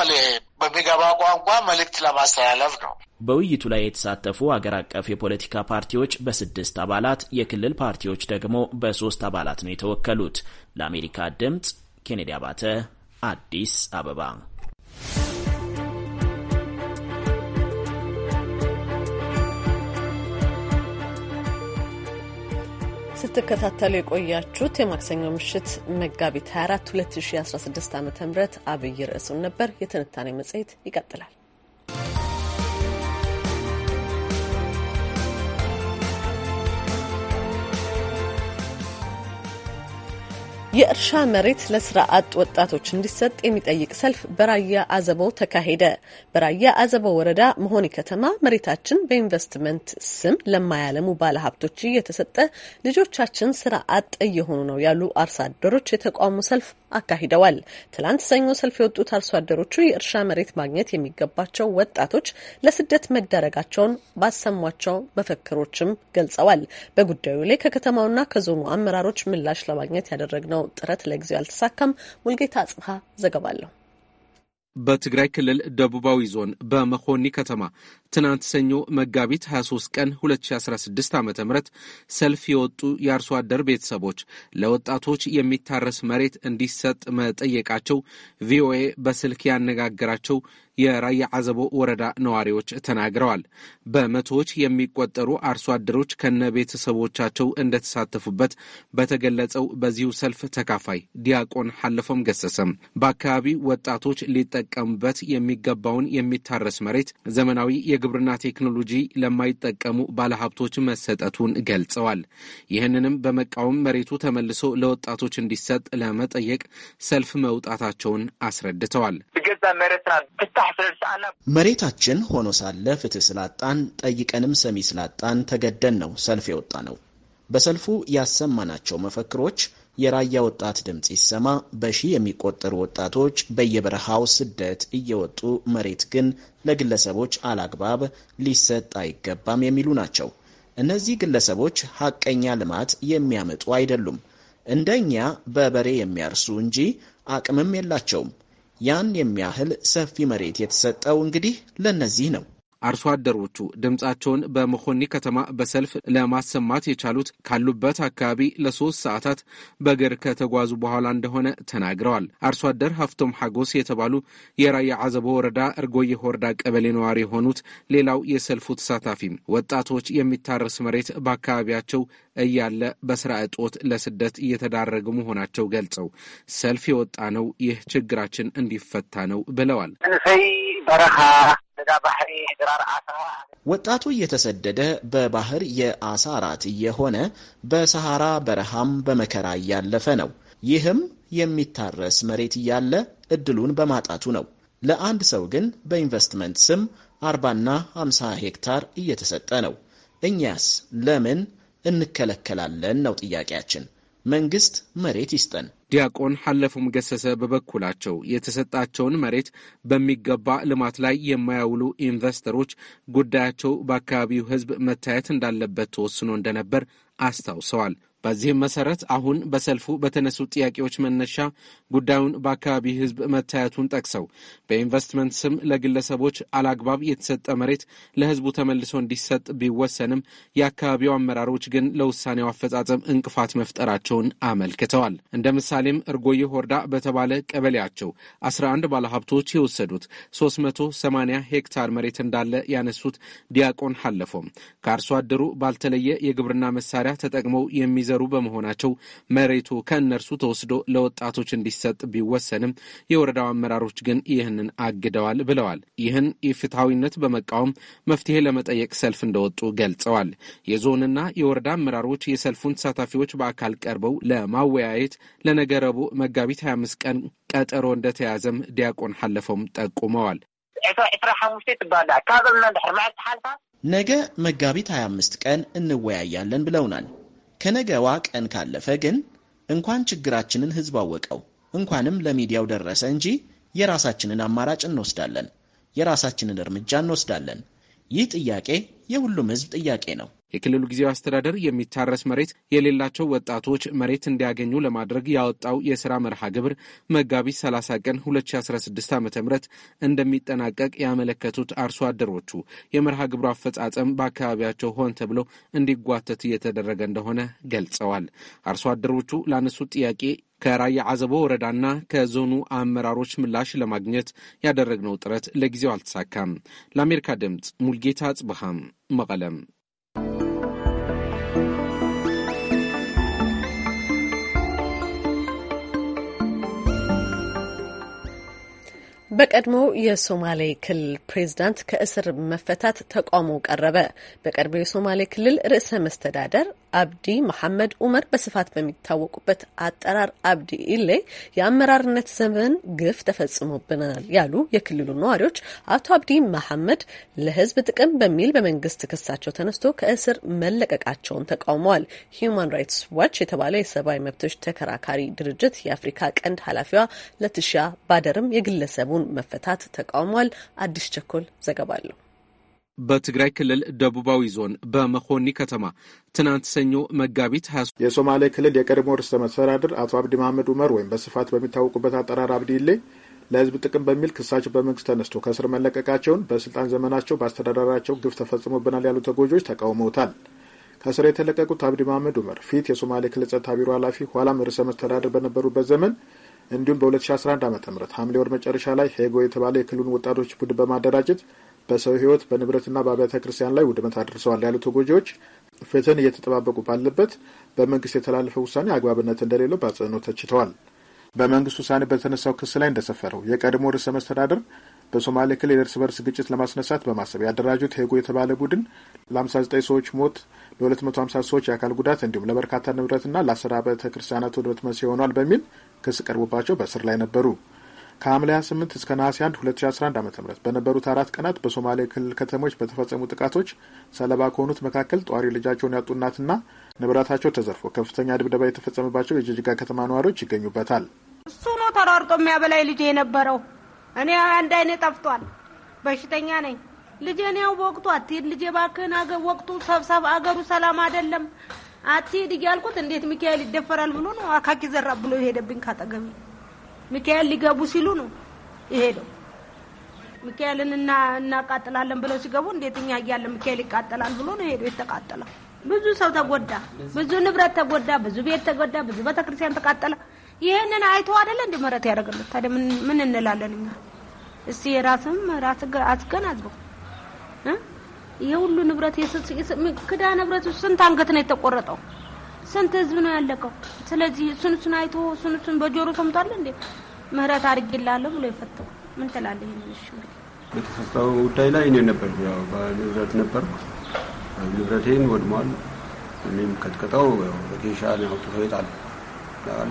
በሚገባ ቋንቋ መልእክት ለማስተላለፍ ነው። በውይይቱ ላይ የተሳተፉ አገር አቀፍ የፖለቲካ ፓርቲዎች በስድስት አባላት፣ የክልል ፓርቲዎች ደግሞ በሶስት አባላት ነው የተወከሉት። ለአሜሪካ ድምፅ ኬኔዲ አባተ አዲስ አበባ። ስትከታተሉ የቆያችሁት የማክሰኞ ምሽት መጋቢት 24 2016 ዓ ም አብይ ርዕሱን ነበር። የትንታኔ መጽሔት ይቀጥላል። የእርሻ መሬት ለስራ አጥ ወጣቶች እንዲሰጥ የሚጠይቅ ሰልፍ በራያ አዘበው ተካሄደ። በራያ አዘበው ወረዳ መሆኒ ከተማ መሬታችን በኢንቨስትመንት ስም ለማያለሙ ባለሀብቶች እየተሰጠ ልጆቻችን ስራ አጥ እየሆኑ ነው ያሉ አርሶ አደሮች የተቃውሞ ሰልፍ አካሂደዋል። ትላንት ሰኞ ሰልፍ የወጡት አርሶ አደሮቹ የእርሻ መሬት ማግኘት የሚገባቸው ወጣቶች ለስደት መዳረጋቸውን ባሰሟቸው መፈክሮችም ገልጸዋል። በጉዳዩ ላይ ከከተማውና ከዞኑ አመራሮች ምላሽ ለማግኘት ያደረግነው ጥረት ለጊዜው አልተሳካም። ሙልጌታ አጽፋ ዘገባለሁ። በትግራይ ክልል ደቡባዊ ዞን በመኮኒ ከተማ ትናንት ሰኞ መጋቢት 23 ቀን 2016 ዓ ም ሰልፍ የወጡ የአርሶ አደር ቤተሰቦች ለወጣቶች የሚታረስ መሬት እንዲሰጥ መጠየቃቸው ቪኦኤ በስልክ ያነጋገራቸው የራያ አዘቦ ወረዳ ነዋሪዎች ተናግረዋል። በመቶዎች የሚቆጠሩ አርሶ አደሮች ከነ ቤተሰቦቻቸው እንደተሳተፉበት በተገለጸው በዚሁ ሰልፍ ተካፋይ ዲያቆን ሐለፎም ገሰሰም በአካባቢ ወጣቶች ሊጠቀሙበት የሚገባውን የሚታረስ መሬት ዘመናዊ የግብርና ቴክኖሎጂ ለማይጠቀሙ ባለሀብቶች መሰጠቱን ገልጸዋል። ይህንንም በመቃወም መሬቱ ተመልሶ ለወጣቶች እንዲሰጥ ለመጠየቅ ሰልፍ መውጣታቸውን አስረድተዋል። መሬታችን ሆኖ ሳለ ፍትህ ስላጣን ጠይቀንም ሰሚ ስላጣን ተገደን ነው ሰልፍ የወጣ ነው። በሰልፉ ያሰማናቸው መፈክሮች የራያ ወጣት ድምፅ ይሰማ፣ በሺህ የሚቆጠሩ ወጣቶች በየበረሃው ስደት እየወጡ መሬት ግን ለግለሰቦች አላግባብ ሊሰጥ አይገባም የሚሉ ናቸው። እነዚህ ግለሰቦች ሐቀኛ ልማት የሚያመጡ አይደሉም። እንደኛ በበሬ የሚያርሱ እንጂ አቅምም የላቸውም። ያን የሚያህል ሰፊ መሬት የተሰጠው እንግዲህ ለእነዚህ ነው። አርሶ አደሮቹ ድምፃቸውን በመኮኒ ከተማ በሰልፍ ለማሰማት የቻሉት ካሉበት አካባቢ ለሶስት ሰዓታት በእግር ከተጓዙ በኋላ እንደሆነ ተናግረዋል። አርሶ አደር ሀፍቶም ሐጎስ የተባሉ የራያ አዘቦ ወረዳ እርጎየ ወረዳ ቀበሌ ነዋሪ የሆኑት ሌላው የሰልፉ ተሳታፊም ወጣቶች የሚታረስ መሬት በአካባቢያቸው እያለ በስራ እጦት ለስደት እየተዳረጉ መሆናቸው ገልጸው ሰልፍ የወጣ ነው ይህ ችግራችን እንዲፈታ ነው ብለዋል። በረሃ ወጣቱ እየተሰደደ በባህር የአሳ ራት እየሆነ በሰሐራ በረሃም በመከራ እያለፈ ነው። ይህም የሚታረስ መሬት እያለ እድሉን በማጣቱ ነው። ለአንድ ሰው ግን በኢንቨስትመንት ስም አርባና አምሳ ሄክታር እየተሰጠ ነው። እኛስ ለምን እንከለከላለን ነው ጥያቄያችን። መንግስት መሬት ይስጠን። ዲያቆን ሀለፉም ገሰሰ በበኩላቸው የተሰጣቸውን መሬት በሚገባ ልማት ላይ የማያውሉ ኢንቨስተሮች ጉዳያቸው በአካባቢው ሕዝብ መታየት እንዳለበት ተወስኖ እንደነበር አስታውሰዋል። በዚህም መሰረት አሁን በሰልፉ በተነሱ ጥያቄዎች መነሻ ጉዳዩን በአካባቢ ሕዝብ መታየቱን ጠቅሰው በኢንቨስትመንት ስም ለግለሰቦች አላግባብ የተሰጠ መሬት ለሕዝቡ ተመልሶ እንዲሰጥ ቢወሰንም የአካባቢው አመራሮች ግን ለውሳኔው አፈጻጸም እንቅፋት መፍጠራቸውን አመልክተዋል። እንደ ምሳሌም እርጎይ ሆርዳ በተባለ ቀበሌያቸው 11 ባለሀብቶች የወሰዱት 380 ሄክታር መሬት እንዳለ ያነሱት ዲያቆን አለፎም ከአርሶ አደሩ ባልተለየ የግብርና መሳሪያ ተጠቅመው የሚ የሚዘሩ በመሆናቸው መሬቱ ከእነርሱ ተወስዶ ለወጣቶች እንዲሰጥ ቢወሰንም የወረዳው አመራሮች ግን ይህንን አግደዋል ብለዋል። ይህን ኢፍትሐዊነት በመቃወም መፍትሄ ለመጠየቅ ሰልፍ እንደወጡ ገልጸዋል። የዞንና የወረዳ አመራሮች የሰልፉን ተሳታፊዎች በአካል ቀርበው ለማወያየት ለነገ ረቡዕ መጋቢት 25 ቀን ቀጠሮ እንደተያዘም ዲያቆን ሐለፈውም ጠቁመዋል። ነገ መጋቢት 25 ቀን እንወያያለን ብለውናል። ከነገዋ ቀን ካለፈ ግን እንኳን ችግራችንን ህዝብ አወቀው እንኳንም ለሚዲያው ደረሰ እንጂ የራሳችንን አማራጭ እንወስዳለን፣ የራሳችንን እርምጃ እንወስዳለን። ይህ ጥያቄ የሁሉም ህዝብ ጥያቄ ነው። የክልሉ ጊዜያዊ አስተዳደር የሚታረስ መሬት የሌላቸው ወጣቶች መሬት እንዲያገኙ ለማድረግ ያወጣው የስራ መርሃ ግብር መጋቢት 30 ቀን 2016 ዓ ም እንደሚጠናቀቅ ያመለከቱት አርሶ አደሮቹ የመርሃ ግብሩ አፈጻጸም በአካባቢያቸው ሆን ተብሎ እንዲጓተት እየተደረገ እንደሆነ ገልጸዋል። አርሶ አደሮቹ ላነሱት ጥያቄ ከራያ አዘቦ ወረዳና ከዞኑ አመራሮች ምላሽ ለማግኘት ያደረግነው ጥረት ለጊዜው አልተሳካም። ለአሜሪካ ድምፅ ሙልጌታ አጽብሃም መቀለም በቀድሞው የሶማሌ ክልል ፕሬዝዳንት ከእስር መፈታት ተቃውሞ ቀረበ። በቀድሞው የሶማሌ ክልል ርዕሰ መስተዳደር አብዲ መሐመድ ኡመር በስፋት በሚታወቁበት አጠራር አብዲ ኢሌ የአመራርነት ዘመን ግፍ ተፈጽሞብናል ያሉ የክልሉ ነዋሪዎች አቶ አብዲ መሐመድ ለሕዝብ ጥቅም በሚል በመንግስት ክሳቸው ተነስቶ ከእስር መለቀቃቸውን ተቃውመዋል። ሂዩማን ራይትስ ዋች የተባለው የሰብአዊ መብቶች ተከራካሪ ድርጅት የአፍሪካ ቀንድ ኃላፊዋ ለትሻ ባደርም የግለሰቡን መፈታት ተቃውሟል። አዲስ ቸኮል ዘገባ አለው። በትግራይ ክልል ደቡባዊ ዞን በመኮኒ ከተማ ትናንት ሰኞ መጋቢት የሶማሌ ክልል የቀድሞ ርዕሰ መስተዳድር አቶ አብዲ መሐመድ ኡመር ወይም በስፋት በሚታወቁበት አጠራር አብዲሌ ለህዝብ ጥቅም በሚል ክሳቸው በመንግስት ተነስቶ ከስር መለቀቃቸውን በስልጣን ዘመናቸው በአስተዳደራቸው ግፍ ተፈጽሞብናል ያሉ ተጎጂዎች ተቃውመውታል። ከእስር የተለቀቁት አብዲ መሐመድ ኡመር ፊት የሶማሌ ክልል ጸጥታ ቢሮ ኃላፊ ኋላም ርዕሰ መስተዳድር በነበሩበት ዘመን እንዲሁም በ2011 ዓ ም ሐምሌ ወር መጨረሻ ላይ ሄጎ የተባለ የክልሉን ወጣቶች ቡድን በማደራጀት በሰው ህይወት በንብረትና በአብያተ ክርስቲያን ላይ ውድመት አድርሰዋል ያሉ ተጎጂዎች ፍትህን እየተጠባበቁ ባለበት በመንግስት የተላለፈ ውሳኔ አግባብነት እንደሌለው በአጽንኦት ተችተዋል። በመንግስት ውሳኔ በተነሳው ክስ ላይ እንደሰፈረው የቀድሞ ርዕሰ መስተዳደር በሶማሌ ክልል የእርስ በርስ ግጭት ለማስነሳት በማሰብ ያደራጁት ሄጎ የተባለ ቡድን ለ59 ሰዎች ሞት፣ ለ250 ሰዎች የአካል ጉዳት እንዲሁም ለበርካታ ንብረትና ለአስር አብያተ ክርስቲያናት ውድመት መንስኤ ሆኗል በሚል ክስ ቀርቦባቸው በእስር ላይ ነበሩ። ከሐምሌ 28 እስከ ነሐሴ 1 2011 ዓ ም በነበሩት አራት ቀናት በሶማሌ ክልል ከተሞች በተፈጸሙ ጥቃቶች ሰለባ ከሆኑት መካከል ጧሪ ልጃቸውን ያጡ እናትና ንብረታቸው ተዘርፎ ከፍተኛ ድብደባ የተፈጸመባቸው የጅጅጋ ከተማ ነዋሪዎች ይገኙበታል። እሱ ነው ተሯርጦ የሚያበላይ ልጄ የነበረው። እኔ አንድ አይኔ ጠፍቷል፣ በሽተኛ ነኝ። ልጄን ያው ወቅቱ አትሄድ ልጄ ባክህን፣ ወቅቱ ሰብሰብ፣ አገሩ ሰላም አይደለም፣ አትሄድ እያልኩት እንዴት ሚካኤል ይደፈራል ብሎ ነው አካኪ ዘራ ብሎ የሄደብኝ ካጠገቤ ሚካኤል ሊገቡ ሲሉ ነው የሄደው። ሚካኤልን እናቃጥላለን ብለው ሲገቡ እንዴት እኛ እያለን ሚካኤል ይቃጠላል ብሎ ነው የሄደው የተቃጠለው። ብዙ ሰው ተጎዳ፣ ብዙ ንብረት ተጎዳ፣ ብዙ ቤት ተጎዳ፣ ብዙ ቤተክርስቲያን ተቃጠለ። ይህንን አይቶ አይደለ እንዲ መረት ያደረግለት። ታዲያ ምን እንላለን እኛ? እስቲ የራስም ራስ አስገናዝበው ይህ ሁሉ ንብረት ክዳ ንብረቱ ስንት አንገት ነው የተቆረጠው? ስንት ህዝብ ነው ያለቀው። ስለዚህ እሱን እሱን አይቶ እሱን እሱን በጆሮ ሰምቷል እንዴ ምህረት አድርጌላለሁ ብሎ የፈተው ምን ትላለህ? የተፈታው ጉዳይ ላይ እኔ ነበር ያው በንብረት ነበር ንብረቴን ወድሟል። እኔም ከጥቀጠው በኬሻ አውጥቶ ይጣል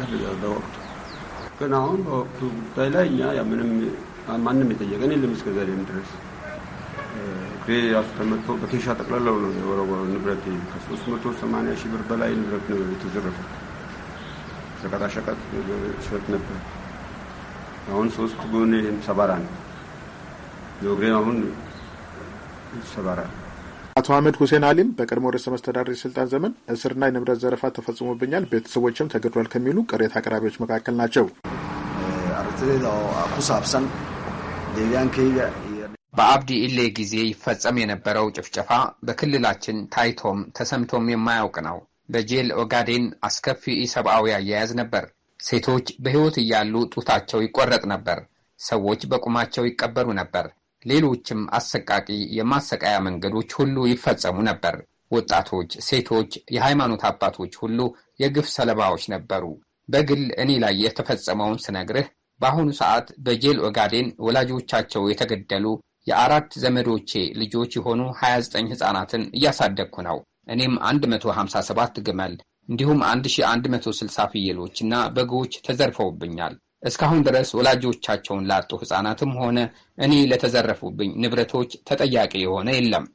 ማለት በወቅቱ ግን አሁን በወቅቱ ጉዳይ ላይ እኛ ምንም ማንም የጠየቀን የለም እስከዛሬም ድረስ ራሱ ተመትቶ በኬሻ ጠቅላላው ነው የወረወረው ንብረት ከሶስት መቶ ሰማንያ ሺህ ብር በላይ ንብረት ነው የተዘረፈ። ሸቀጣሸቀጥ ሸጥ ነበር። አሁን ሶስት ጎን ይህም ሰባራ ነው የወግሬ አሁን ሰባራ አቶ አህመድ ሁሴን አሊም በቀድሞ ርዕሰ መስተዳደር የስልጣን ዘመን እስርና የንብረት ዘረፋ ተፈጽሞብኛል፣ ቤተሰቦችም ተገድሏል ከሚሉ ቅሬታ አቅራቢዎች መካከል ናቸው። በአብዲ ኢሌ ጊዜ ይፈጸም የነበረው ጭፍጨፋ በክልላችን ታይቶም ተሰምቶም የማያውቅ ነው። በጄል ኦጋዴን አስከፊ ኢሰብአዊ አያያዝ ነበር። ሴቶች በሕይወት እያሉ ጡታቸው ይቆረጥ ነበር። ሰዎች በቁማቸው ይቀበሩ ነበር። ሌሎችም አሰቃቂ የማሰቃያ መንገዶች ሁሉ ይፈጸሙ ነበር። ወጣቶች፣ ሴቶች፣ የሃይማኖት አባቶች ሁሉ የግፍ ሰለባዎች ነበሩ። በግል እኔ ላይ የተፈጸመውን ስነግርህ በአሁኑ ሰዓት በጄል ኦጋዴን ወላጆቻቸው የተገደሉ የአራት ዘመዶቼ ልጆች የሆኑ 29 ህፃናትን እያሳደግኩ ነው። እኔም 157 ግመል እንዲሁም 1160 እና በጎች ተዘርፈውብኛል። እስካሁን ድረስ ወላጆቻቸውን ላጡ ህፃናትም ሆነ እኔ ለተዘረፉብኝ ንብረቶች ተጠያቂ የሆነ የለም።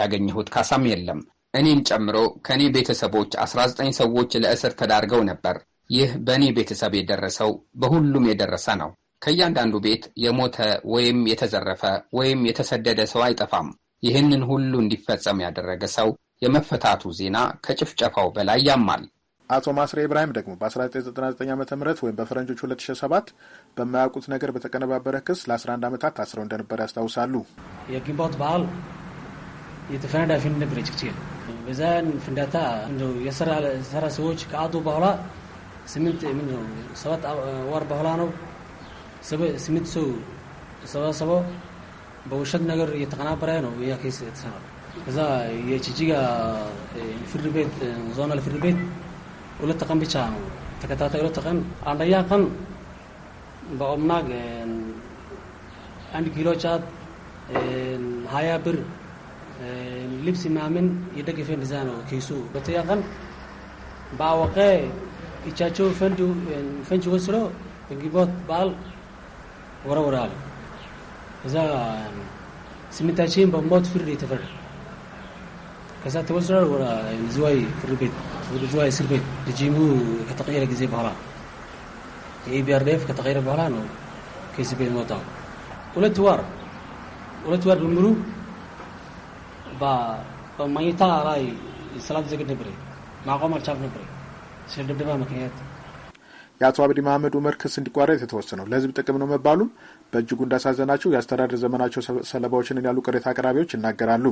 ያገኘሁት ካሳም የለም። እኔን ጨምሮ ከእኔ ቤተሰቦች 19 ሰዎች ለእስር ተዳርገው ነበር። ይህ በእኔ ቤተሰብ የደረሰው በሁሉም የደረሰ ነው። ከእያንዳንዱ ቤት የሞተ ወይም የተዘረፈ ወይም የተሰደደ ሰው አይጠፋም። ይህንን ሁሉ እንዲፈጸም ያደረገ ሰው የመፈታቱ ዜና ከጭፍጨፋው በላይ ያማል። አቶ ማስሬ ኢብራሂም ደግሞ በ1999 ዓ ም ወይም በፈረንጆች 2007 በማያውቁት ነገር በተቀነባበረ ክስ ለ11 ዓመታት ታስረው እንደነበር ያስታውሳሉ። የግንቦት በዓል የተፈነዳ ፊን ነበር ጭቅጭል በዛን ፍንዳታ የሰራ ሰዎች ከአቶ በኋላ ስምንት ሰባት ወር በኋላ ነው smidsw sabasabo bawshadnagar iyo taqnaabareeno iyo kays kaza iyo jijiga eh, firibed eh, zonal firibed ula taqan bijaan takatata ula taqan andhayaaqan ba obnaag eh, andgilojaad haya bir libsi maamin iyo dhagifeen bizaano kaysu batayaqan baawaqee ijaajo fanju fanjuwasro gibood baal ورورا اذا سميتا شيء بموت في الريت فر كذا توزر ورا زواي في البيت وزواي في البيت تجيبو كتغيير كزي بهرا اي بي كتغيير بهرا نو كيس بي موتا ولا توار ولا توار بمرو با بميتا راي سلام زيك بري ما قوم تشاف نبري سيد دبا مكيات የአቶ አብዲ መሀመድ ኡመር ክስ እንዲቋረጥ የተወሰነው ለህዝብ ጥቅም ነው መባሉም በእጅጉ እንዳሳዘናቸው የአስተዳደር ዘመናቸው ሰለባዎችን ያሉ ቅሬታ አቅራቢዎች ይናገራሉ።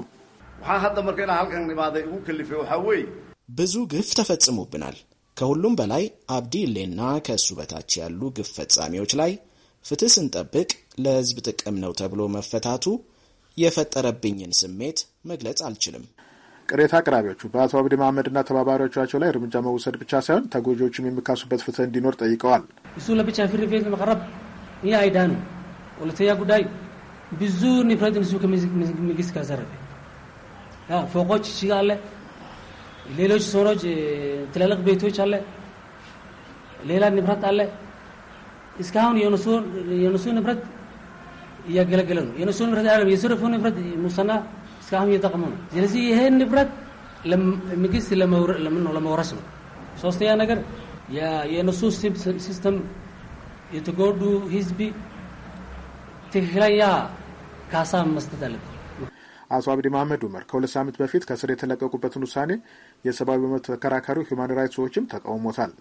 ብዙ ግፍ ተፈጽሞብናል። ከሁሉም በላይ አብዲ ኢሌና ከእሱ በታች ያሉ ግፍ ፈጻሚዎች ላይ ፍትህ ስንጠብቅ ለህዝብ ጥቅም ነው ተብሎ መፈታቱ የፈጠረብኝን ስሜት መግለጽ አልችልም። ቅሬታ አቅራቢዎቹ በአቶ አብዲ መሀመድና ተባባሪዎቻቸው ላይ እርምጃ መውሰድ ብቻ ሳይሆን ተጎጂዎቹም የሚካሱበት ፍትህ እንዲኖር ጠይቀዋል። እሱ ለብቻ ፍርድ ቤት መቅረብ ይህ አይዳ ነው። ሁለተኛ ጉዳይ ብዙ ንብረት እሱ መንግስት ካዘረፈ ፎቆች ሽ አለ፣ ሌሎች ሰኖች ትላልቅ ቤቶች አለ፣ ሌላ ንብረት አለ። እስካሁን የነሱ ንብረት እያገለገለ ነው። የነሱ ንብረት የዘረፉ ንብረት ሙሰና እስካሁን እየጠቀሙ ነው። ስለዚህ ይህን ንብረት መንግስት ለመውረስ ነው። ሶስተኛ ነገር የነሱ ሲስተም የተጎዱ ህዝብ ትክክለኛ ካሳ መስጠት አለበት። አቶ አብዲ መሀመድ ኡመር ከሁለት ሳምንት በፊት ከስር የተለቀቁበትን ውሳኔ የሰብአዊ መብት ተከራካሪው ሂውማን ራይትስ ዎችም ተቃውሞታል።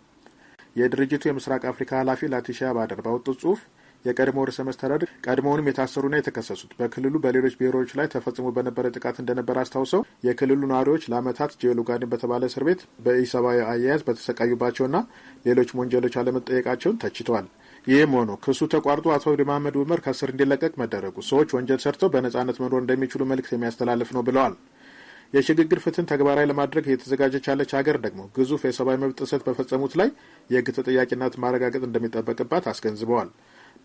የድርጅቱ የምስራቅ አፍሪካ ኃላፊ ላቲሻ ባደር ባወጡት ጽሁፍ የቀድሞ ርዕሰ መስተዳድር ቀድሞውንም የታሰሩና የተከሰሱት በክልሉ በሌሎች ብሔሮች ላይ ተፈጽሞ በነበረ ጥቃት እንደነበረ አስታውሰው የክልሉ ነዋሪዎች ለአመታት ጄሎ ጋርደን በተባለ እስር ቤት በኢሰብአዊ አያያዝ በተሰቃዩባቸውና ሌሎች ወንጀሎች አለመጠየቃቸውን ተችተዋል። ይህም ሆኖ ክሱ ተቋርጦ አቶ አብዲ መሐመድ ውመር ከእስር እንዲለቀቅ መደረጉ ሰዎች ወንጀል ሰርተው በነጻነት መኖር እንደሚችሉ መልእክት የሚያስተላልፍ ነው ብለዋል። የሽግግር ፍትህን ተግባራዊ ለማድረግ እየተዘጋጀች ያለች ሀገር ደግሞ ግዙፍ የሰብአዊ መብት ጥሰት በፈጸሙት ላይ የህግ ተጠያቂነት ማረጋገጥ እንደሚጠበቅባት አስገንዝበዋል።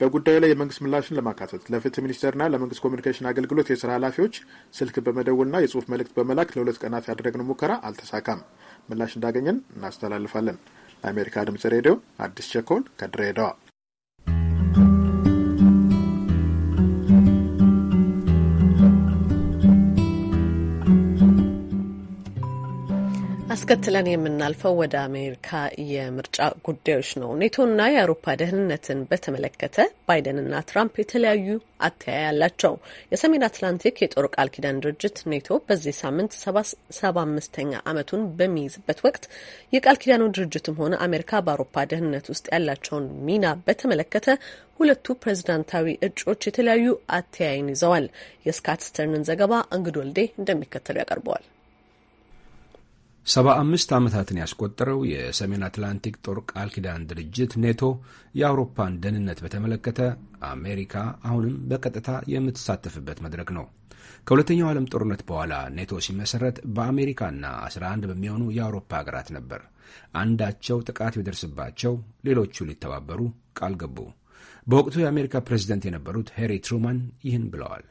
በጉዳዩ ላይ የመንግስት ምላሽን ለማካተት ለፍትህ ሚኒስቴርና ለመንግስት ኮሚኒኬሽን አገልግሎት የስራ ኃላፊዎች ስልክ በመደወልና የጽሁፍ መልእክት በመላክ ለሁለት ቀናት ያደረግነው ሙከራ አልተሳካም። ምላሽ እንዳገኘን እናስተላልፋለን። ለአሜሪካ ድምጽ ሬዲዮ አዲስ ቸኮል ከድሬዳዋ አስከትለን የምናልፈው ወደ አሜሪካ የምርጫ ጉዳዮች ነው። ኔቶና የአውሮፓ ደህንነትን በተመለከተ ባይደንና ትራምፕ የተለያዩ አተያይ ያላቸው። የሰሜን አትላንቲክ የጦር ቃል ኪዳን ድርጅት ኔቶ በዚህ ሳምንት ሰባ አምስተኛ ዓመቱን በሚይዝበት ወቅት የቃል ኪዳኑ ድርጅትም ሆነ አሜሪካ በአውሮፓ ደህንነት ውስጥ ያላቸውን ሚና በተመለከተ ሁለቱ ፕሬዝዳንታዊ እጩዎች የተለያዩ አተያይን ይዘዋል። የስካት ስተርንን ዘገባ እንግድ ወልዴ እንደሚከተሉ ያቀርበዋል። ሰባ አምስት ዓመታትን ያስቆጠረው የሰሜን አትላንቲክ ጦር ቃል ኪዳን ድርጅት ኔቶ የአውሮፓን ደህንነት በተመለከተ አሜሪካ አሁንም በቀጥታ የምትሳተፍበት መድረክ ነው። ከሁለተኛው ዓለም ጦርነት በኋላ ኔቶ ሲመሠረት በአሜሪካና 11 በሚሆኑ የአውሮፓ ሀገራት ነበር። አንዳቸው ጥቃት ቢደርስባቸው ሌሎቹ ሊተባበሩ ቃል ገቡ። በወቅቱ የአሜሪካ ፕሬዝደንት የነበሩት ሄሪ ትሩማን ይህን ብለዋል።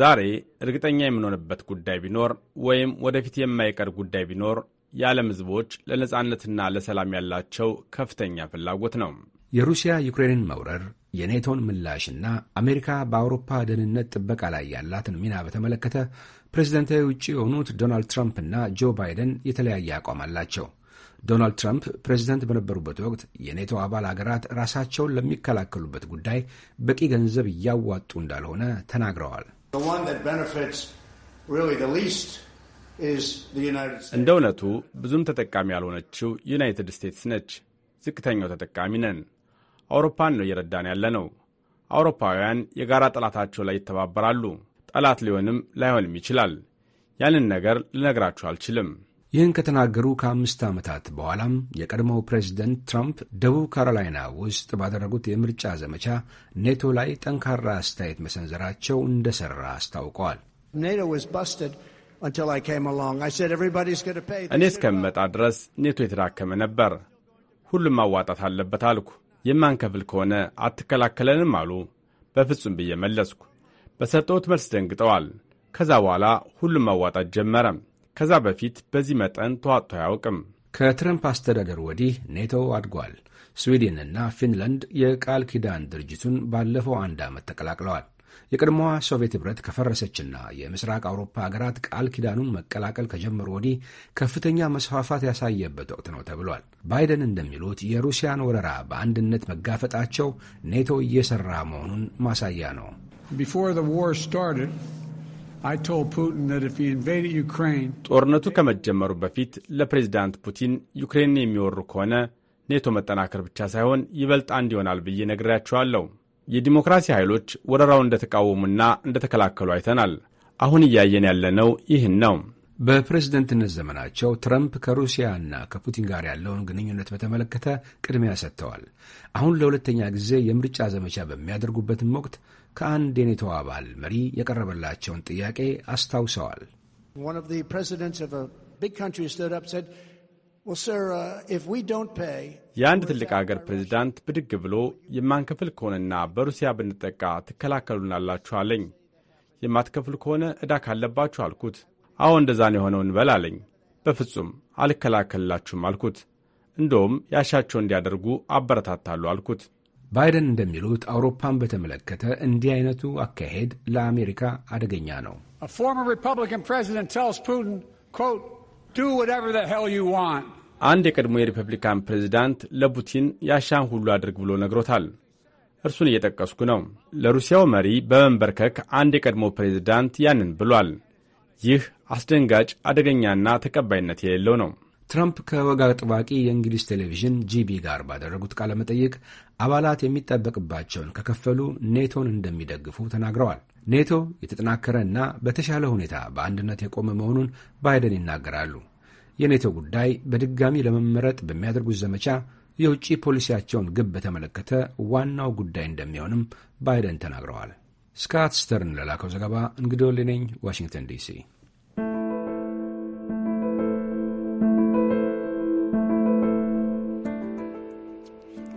ዛሬ እርግጠኛ የምንሆንበት ጉዳይ ቢኖር ወይም ወደፊት የማይቀር ጉዳይ ቢኖር የዓለም ሕዝቦች ለነጻነትና ለሰላም ያላቸው ከፍተኛ ፍላጎት ነው። የሩሲያ ዩክሬንን መውረር፣ የኔቶን ምላሽና አሜሪካ በአውሮፓ ደህንነት ጥበቃ ላይ ያላትን ሚና በተመለከተ ፕሬዚደንታዊ ውጭ የሆኑት ዶናልድ ትራምፕ እና ጆ ባይደን የተለያየ አቋም አላቸው። ዶናልድ ትራምፕ ፕሬዚደንት በነበሩበት ወቅት የኔቶ አባል አገራት ራሳቸውን ለሚከላከሉበት ጉዳይ በቂ ገንዘብ እያዋጡ እንዳልሆነ ተናግረዋል። እንደ እውነቱ ብዙም ተጠቃሚ ያልሆነችው ዩናይትድ ስቴትስ ነች። ዝቅተኛው ተጠቃሚ ነን። አውሮፓን ነው እየረዳን ያለ ነው። አውሮፓውያን የጋራ ጠላታቸው ላይ ይተባበራሉ። ጠላት ሊሆንም ላይሆንም ይችላል። ያንን ነገር ልነግራችሁ አልችልም። ይህን ከተናገሩ ከአምስት ዓመታት በኋላም የቀድሞው ፕሬዚደንት ትራምፕ ደቡብ ካሮላይና ውስጥ ባደረጉት የምርጫ ዘመቻ ኔቶ ላይ ጠንካራ አስተያየት መሰንዘራቸው እንደሠራ አስታውቀዋል። እኔ እስከምመጣ ድረስ ኔቶ የተዳከመ ነበር። ሁሉም ማዋጣት አለበት አልኩ። የማንከፍል ከሆነ አትከላከለንም አሉ። በፍጹም ብዬ መለስኩ። በሰጠሁት መልስ ደንግጠዋል። ከዛ በኋላ ሁሉም ማዋጣት ጀመረም። ከዛ በፊት በዚህ መጠን ተዋጥቶ አያውቅም። ከትረምፕ አስተዳደር ወዲህ ኔቶ አድጓል። ስዊድንና ፊንላንድ የቃል ኪዳን ድርጅቱን ባለፈው አንድ ዓመት ተቀላቅለዋል። የቀድሞዋ ሶቪየት ኅብረት ከፈረሰችና የምስራቅ አውሮፓ አገራት ቃል ኪዳኑን መቀላቀል ከጀመሩ ወዲህ ከፍተኛ መስፋፋት ያሳየበት ወቅት ነው ተብሏል። ባይደን እንደሚሉት የሩሲያን ወረራ በአንድነት መጋፈጣቸው ኔቶ እየሠራ መሆኑን ማሳያ ነው። ጦርነቱ ከመጀመሩ በፊት ለፕሬዚዳንት ፑቲን ዩክሬን የሚወሩ ከሆነ ኔቶ መጠናከር ብቻ ሳይሆን ይበልጥ አንድ ይሆናል ብዬ ነግሬያቸዋለሁ። የዲሞክራሲ ኃይሎች ወረራውን እንደተቃወሙና እንደተከላከሉ አይተናል። አሁን እያየን ያለነው ይህን ነው። በፕሬዝደንትነት ዘመናቸው ትረምፕ ከሩሲያና ከፑቲን ጋር ያለውን ግንኙነት በተመለከተ ቅድሚያ ሰጥተዋል። አሁን ለሁለተኛ ጊዜ የምርጫ ዘመቻ በሚያደርጉበትም ወቅት ከአንድ የኔቶ አባል መሪ የቀረበላቸውን ጥያቄ አስታውሰዋል። uh, የአንድ ትልቅ አገር ፕሬዚዳንት ብድግ ብሎ የማንከፍል ከሆነና በሩሲያ ብንጠቃ ትከላከሉናላችሁ አለኝ። የማትከፍል ከሆነ ዕዳ ካለባችሁ አልኩት። አዎ እንደዛን የሆነው እንበል አለኝ። በፍጹም አልከላከልላችሁም አልኩት። እንደውም ያሻቸው እንዲያደርጉ አበረታታሉ አልኩት። ባይደን እንደሚሉት አውሮፓን በተመለከተ እንዲህ አይነቱ አካሄድ ለአሜሪካ አደገኛ ነው። አንድ የቀድሞ የሪፐብሊካን ፕሬዚዳንት ለፑቲን ያሻን ሁሉ አድርግ ብሎ ነግሮታል። እርሱን እየጠቀስኩ ነው። ለሩሲያው መሪ በመንበርከክ አንድ የቀድሞ ፕሬዚዳንት ያንን ብሏል። ይህ አስደንጋጭ አደገኛና ተቀባይነት የሌለው ነው። ትራምፕ ከወግ አጥባቂ የእንግሊዝ ቴሌቪዥን ጂቢ ጋር ባደረጉት ቃለ መጠይቅ አባላት የሚጠበቅባቸውን ከከፈሉ ኔቶን እንደሚደግፉ ተናግረዋል። ኔቶ የተጠናከረ እና በተሻለ ሁኔታ በአንድነት የቆመ መሆኑን ባይደን ይናገራሉ። የኔቶ ጉዳይ በድጋሚ ለመመረጥ በሚያደርጉት ዘመቻ የውጭ ፖሊሲያቸውን ግብ በተመለከተ ዋናው ጉዳይ እንደሚሆንም ባይደን ተናግረዋል። ስካት ስተርን ለላከው ዘገባ እንግዶልነኝ ዋሽንግተን ዲሲ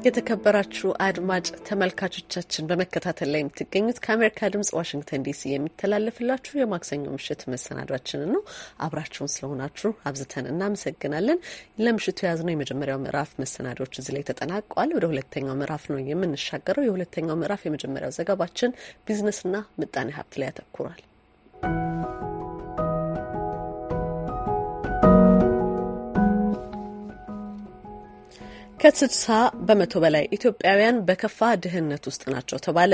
የተከበራችሁ አድማጭ ተመልካቾቻችን በመከታተል ላይ የምትገኙት ከአሜሪካ ድምጽ ዋሽንግተን ዲሲ የሚተላለፍላችሁ የማክሰኞ ምሽት መሰናዷችንን ነው። አብራችሁን ስለሆናችሁ አብዝተን እናመሰግናለን። ለምሽቱ የያዝነው የመጀመሪያው ምዕራፍ መሰናዶዎች እዚህ ላይ ተጠናቋል። ወደ ሁለተኛው ምዕራፍ ነው የምንሻገረው። የሁለተኛው ምዕራፍ የመጀመሪያው ዘገባችን ቢዝነስና ምጣኔ ሀብት ላይ ያተኩራል። ከ በመቶ በላይ ኢትዮጵያውያን በከፋ ድህነት ውስጥ ናቸው ተባለ።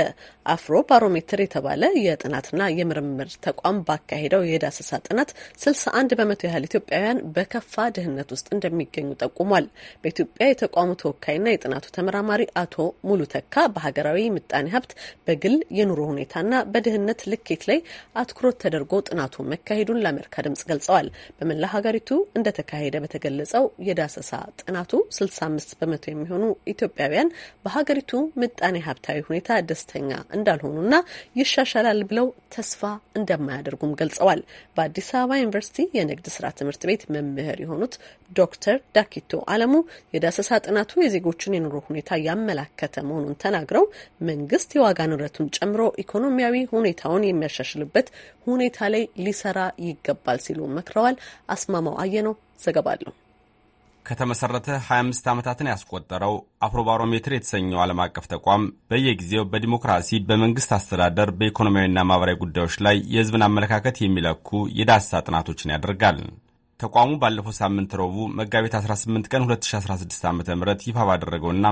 አፍሮ ባሮሜትር የተባለ የጥናትና የምርምር ተቋም ባካሄደው የዳሰሳ ጥናት 61 በመቶ ያህል ኢትዮጵያውያን በከፋ ድህነት ውስጥ እንደሚገኙ ጠቁሟል። በኢትዮጵያ የተቋሙ ተወካይና የጥናቱ ተመራማሪ አቶ ሙሉ ተካ በሀገራዊ ምጣኔ ሀብት፣ በግል የኑሮ ሁኔታና በድህነት ልኬት ላይ አትኩሮት ተደርጎ ጥናቱ መካሄዱን ለአሜሪካ ድምጽ ገልጸዋል። በመላ ሀገሪቱ እንደተካሄደ በተገለጸው የዳሰሳ ጥናቱ 65 በመቶ የሚሆኑ ኢትዮጵያውያን በሀገሪቱ ምጣኔ ሀብታዊ ሁኔታ ደስተኛ እንዳልሆኑና ይሻሻላል ብለው ተስፋ እንደማያደርጉም ገልጸዋል። በአዲስ አበባ ዩኒቨርሲቲ የንግድ ስራ ትምህርት ቤት መምህር የሆኑት ዶክተር ዳኪቶ አለሙ የዳሰሳ ጥናቱ የዜጎችን የኑሮ ሁኔታ ያመላከተ መሆኑን ተናግረው መንግስት የዋጋ ንረቱን ጨምሮ ኢኮኖሚያዊ ሁኔታውን የሚያሻሽልበት ሁኔታ ላይ ሊሰራ ይገባል ሲሉ መክረዋል። አስማማው አየነው ዘገባ አለው። ከተመሠረተ 25 ዓመታትን ያስቆጠረው አፍሮባሮሜትር የተሰኘው ዓለም አቀፍ ተቋም በየጊዜው በዲሞክራሲ፣ በመንግሥት አስተዳደር፣ በኢኮኖሚያዊና ማኅበራዊ ጉዳዮች ላይ የሕዝብን አመለካከት የሚለኩ የዳሰሳ ጥናቶችን ያደርጋል። ተቋሙ ባለፈው ሳምንት ረቡዕ መጋቢት 18 ቀን 2016 ዓ ም ይፋ ባደረገውና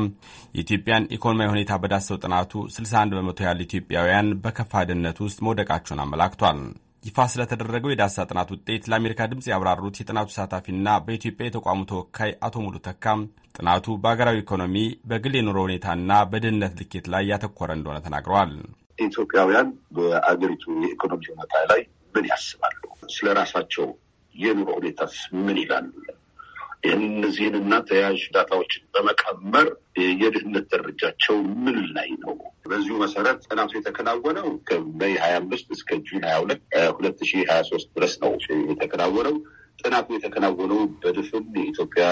የኢትዮጵያን ኢኮኖሚያዊ ሁኔታ በዳሰው ጥናቱ 61 በመቶ ያህል ኢትዮጵያውያን በከፋ ድህነት ውስጥ መውደቃቸውን አመላክቷል። ይፋ ስለተደረገው የዳሳ ጥናት ውጤት ለአሜሪካ ድምፅ ያብራሩት የጥናቱ ተሳታፊና በኢትዮጵያ የተቋሙ ተወካይ አቶ ሙሉ ተካም ጥናቱ በሀገራዊ ኢኮኖሚ፣ በግል የኑሮ ሁኔታና በድህነት ልኬት ላይ ያተኮረ እንደሆነ ተናግረዋል። ኢትዮጵያውያን በአገሪቱ የኢኮኖሚ ሁኔታ ላይ ምን ያስባሉ? ስለ ራሳቸው የኑሮ ሁኔታስ ምን ይላሉ? እነዚህንና ተያያዥ ዳታዎችን በመቀመር የድህነት ደረጃቸው ምን ላይ ነው? በዚሁ መሰረት ጥናቱ የተከናወነው ከመይ ሀያ አምስት እስከ ጁን ሀያ ሁለት ሁለት ሺህ ሀያ ሶስት ድረስ ነው የተከናወነው። ጥናቱ የተከናወነው በድፍን የኢትዮጵያ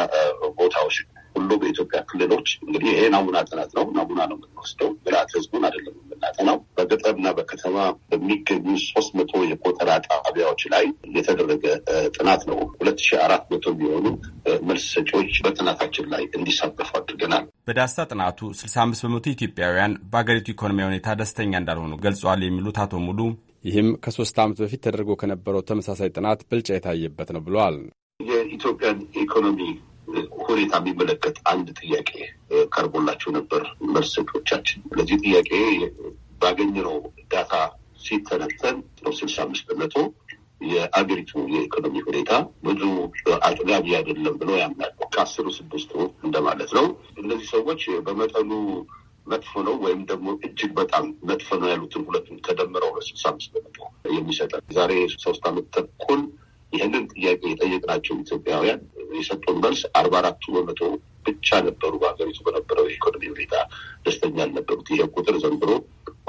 ቦታዎች ሁሉ በኢትዮጵያ ክልሎች እንግዲህ ይሄ ናሙና ጥናት ነው። ናሙና ነው የምንወስደው፣ ምልአት ህዝቡን አይደለም የምናጠናው። በገጠርና በከተማ በሚገኙ ሶስት መቶ የቆጠራ ጣቢያዎች ላይ የተደረገ ጥናት ነው። ሁለት ሺ አራት መቶ የሚሆኑ መልስ ሰጪዎች በጥናታችን ላይ እንዲሳተፉ አድርገናል። በዳሳ ጥናቱ ስልሳ አምስት በመቶ ኢትዮጵያውያን በሀገሪቱ ኢኮኖሚያዊ ሁኔታ ደስተኛ እንዳልሆኑ ገልጸዋል የሚሉት አቶ ሙሉ ይህም ከሶስት ዓመት በፊት ተደርጎ ከነበረው ተመሳሳይ ጥናት ብልጫ የታየበት ነው ብለዋል። የኢትዮጵያን ኢኮኖሚ ሁኔታ የሚመለከት አንድ ጥያቄ ቀርቦላቸው ነበር መልሰቶቻችን። ለዚህ ጥያቄ ባገኘነው ዳታ ሲተነተን ነው ስልሳ አምስት በመቶ የአገሪቱ የኢኮኖሚ ሁኔታ ብዙ አጥጋቢ አይደለም ብለው ያምናል። ከአስሩ ስድስቱ እንደማለት ነው። እነዚህ ሰዎች በመጠኑ መጥፎ ነው ወይም ደግሞ እጅግ በጣም መጥፎ ነው ያሉትን ሁለቱን ከደምረው ሁለት ስልሳ አምስት በመቶ የሚሰጠን ዛሬ ሶስት አመት ተኩል ይህንን ጥያቄ የጠየቅናቸው ኢትዮጵያውያን የሰጡን መልስ አርባ አራቱ በመቶ ብቻ ነበሩ። በሀገሪቱ በነበረው የኢኮኖሚ ሁኔታ ደስተኛ ያልነበሩት። ይሄ ቁጥር ዘንድሮ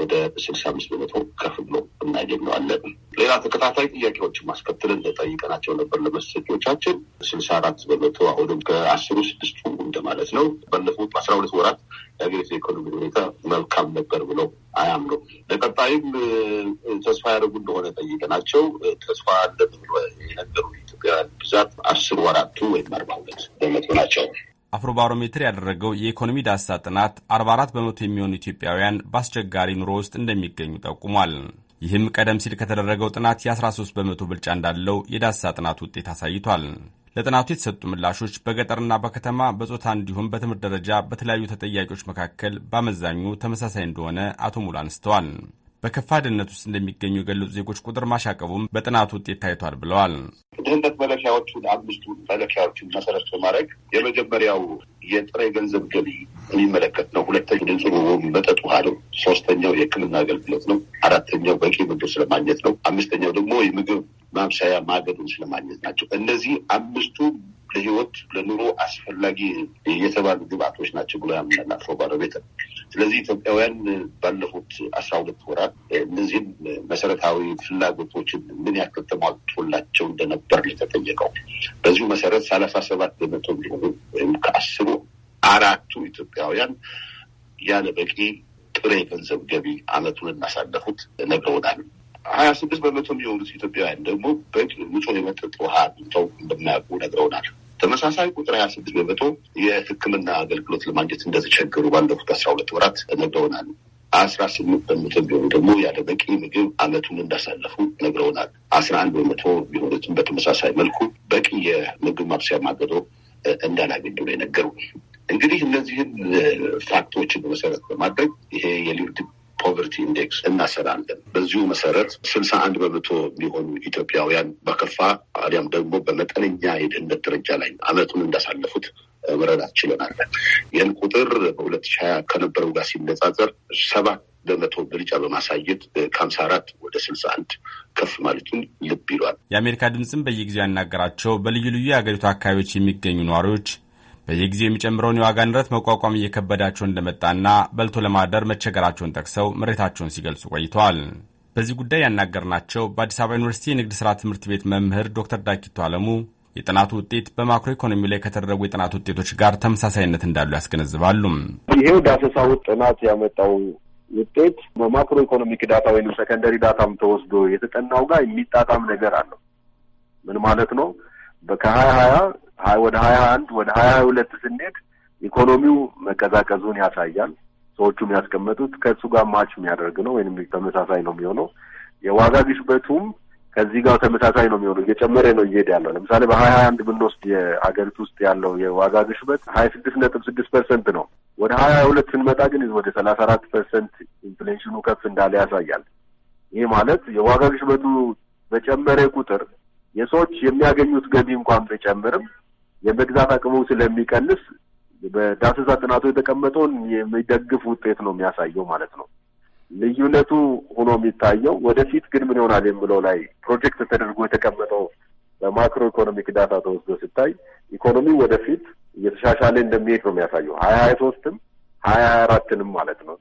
ወደ ስልሳ አምስት በመቶ ከፍ ብሎ እናገኘዋለን። ሌላ ተከታታይ ጥያቄዎችን ማስከትለን ጠይቀናቸው ነበር ለመሰኪዎቻችን ስልሳ አራት በመቶ አሁንም ከአስሩ ስድስቱ እንደማለት ነው። ባለፉት አስራ ሁለት ወራት የሀገሪቱ የኢኮኖሚ ሁኔታ መልካም ነበር ብለው አያምኑም። ለቀጣይም ተስፋ ያደርጉ እንደሆነ ጠይቀናቸው ተስፋ አለን ብሎ የነገሩ ኢትዮጵያውያን ብዛት አስሩ አራቱ ወይም አርባ ሁለት በመቶ ናቸው። አፍሮባሮሜትር ያደረገው የኢኮኖሚ ዳሰሳ ጥናት 44 በመቶ የሚሆኑ ኢትዮጵያውያን በአስቸጋሪ ኑሮ ውስጥ እንደሚገኙ ጠቁሟል። ይህም ቀደም ሲል ከተደረገው ጥናት የ13 በመቶ ብልጫ እንዳለው የዳሰሳ ጥናት ውጤት አሳይቷል። ለጥናቱ የተሰጡ ምላሾች በገጠርና በከተማ በጾታ እንዲሁም በትምህርት ደረጃ በተለያዩ ተጠያቂዎች መካከል በአመዛኙ ተመሳሳይ እንደሆነ አቶ ሙሉ አንስተዋል። በከፋ ድህነት ውስጥ እንደሚገኙ የገለጹ ዜጎች ቁጥር ማሻቀቡም በጥናቱ ውጤት ታይቷል ብለዋል። ድህነት መለኪያዎቹን አምስቱ መለኪያዎችን መሰረት በማድረግ የመጀመሪያው የጥሬ ገንዘብ ገቢ የሚመለከት ነው። ሁለተኛው ንጹህ መጠጥ ውሃ ነው። ሶስተኛው የሕክምና አገልግሎት ነው። አራተኛው በቂ ምግብ ስለማግኘት ነው። አምስተኛው ደግሞ የምግብ ማብሰያ ማገዱን ስለማግኘት ናቸው። እነዚህ አምስቱ ለህይወት ለኑሮ አስፈላጊ የተባሉ ግብአቶች ናቸው ብሎ ያምናል ባለቤት። ስለዚህ ኢትዮጵያውያን ባለፉት አስራ ሁለት ወራት እነዚህም መሰረታዊ ፍላጎቶችን ምን ያክል ተሟልቶላቸው እንደነበር የተጠየቀው በዚሁ መሰረት ሰላሳ ሰባት በመቶ የሚሆኑ ወይም ከአስሩ አራቱ ኢትዮጵያውያን ያለ በቂ ጥሬ ገንዘብ ገቢ አመቱን እናሳለፉት ነግረውናል። ሀያ ስድስት በመቶ የሚሆኑት ኢትዮጵያውያን ደግሞ በቂ ንጹህ የመጠጥ ውሃ አግኝተው እንደማያውቁ ነግረውናል። ተመሳሳይ ቁጥር ሀያ ስድስት በመቶ የሕክምና አገልግሎት ለማግኘት እንደተቸገሩ ባለፉት አስራ ሁለት ወራት ነግረውናል። አስራ ስምንት በመቶ ቢሆኑ ደግሞ ያለ በቂ ምግብ አመቱን እንዳሳለፉ ነግረውናል። አስራ አንድ በመቶ ቢሆኑትም በተመሳሳይ መልኩ በቂ የምግብ ማብሰያ ማገዶ እንዳላገኙ ነው የነገሩ። እንግዲህ እነዚህን ፋክቶችን በመሰረት በማድረግ ይሄ የሊውድ ፖቨርቲ ኢንዴክስ እናሰራለን። በዚሁ መሰረት ስልሳ አንድ በመቶ የሚሆኑ ኢትዮጵያውያን በከፋ አሊያም ደግሞ በመጠነኛ የድህነት ደረጃ ላይ አመቱን እንዳሳለፉት መረዳት ችለናለ ይህን ቁጥር በሁለት ሺህ ሀያ ከነበረው ጋር ሲነጻጸር ሰባት በመቶ ብልጫ በማሳየት ከሀምሳ አራት ወደ ስልሳ አንድ ከፍ ማለቱን ልብ ይሏል። የአሜሪካ ድምፅም በየጊዜው ያናገራቸው በልዩ ልዩ የአገሪቱ አካባቢዎች የሚገኙ ነዋሪዎች በየጊዜው የሚጨምረውን የዋጋ ንረት መቋቋም እየከበዳቸው እንደመጣና በልቶ ለማደር መቸገራቸውን ጠቅሰው ምሬታቸውን ሲገልጹ ቆይተዋል። በዚህ ጉዳይ ያናገርናቸው በአዲስ አበባ ዩኒቨርሲቲ የንግድ ሥራ ትምህርት ቤት መምህር ዶክተር ዳኪቶ አለሙ የጥናቱ ውጤት በማክሮ ኢኮኖሚ ላይ ከተደረጉ የጥናት ውጤቶች ጋር ተመሳሳይነት እንዳሉ ያስገነዝባሉ። ይሄው ዳሰሳው ጥናት ያመጣው ውጤት በማክሮ ኢኮኖሚክ ዳታ ወይም ሰከንደሪ ዳታም ተወስዶ የተጠናው ጋር የሚጣጣም ነገር አለው። ምን ማለት ነው? ከሀያ ሀያ ወደ ሀያ አንድ ወደ ሀያ ሁለት ስንሄድ ኢኮኖሚው መቀዛቀዙን ያሳያል። ሰዎቹ የሚያስቀመጡት ከእሱ ጋር ማች የሚያደርግ ነው ወይም ተመሳሳይ ነው የሚሆነው። የዋጋ ግሽበቱም ከዚህ ጋር ተመሳሳይ ነው የሚሆነው፣ እየጨመረ ነው እየሄድ ያለው። ለምሳሌ በሀያ አንድ ብንወስድ የሀገሪቱ ውስጥ ያለው የዋጋ ግሽበት ሀያ ስድስት ነጥብ ስድስት ፐርሰንት ነው። ወደ ሀያ ሁለት ስንመጣ ግን ወደ ሰላሳ አራት ፐርሰንት ኢንፍሌሽኑ ከፍ እንዳለ ያሳያል። ይህ ማለት የዋጋ ግሽበቱ በጨመረ ቁጥር የሰዎች የሚያገኙት ገቢ እንኳን ቢጨምርም የመግዛት አቅሙ ስለሚቀንስ በዳሰሳ ጥናቱ የተቀመጠውን የሚደግፍ ውጤት ነው የሚያሳየው ማለት ነው። ልዩነቱ ሆኖ የሚታየው ወደፊት ግን ምን ይሆናል የሚለው ላይ ፕሮጀክት ተደርጎ የተቀመጠው በማክሮ ኢኮኖሚክ ዳታ ተወስዶ ሲታይ ኢኮኖሚው ወደፊት እየተሻሻለ እንደሚሄድ ነው የሚያሳየው ሀያ ሀያ ሶስትም ሀያ ሀያ አራትንም ማለት ነው።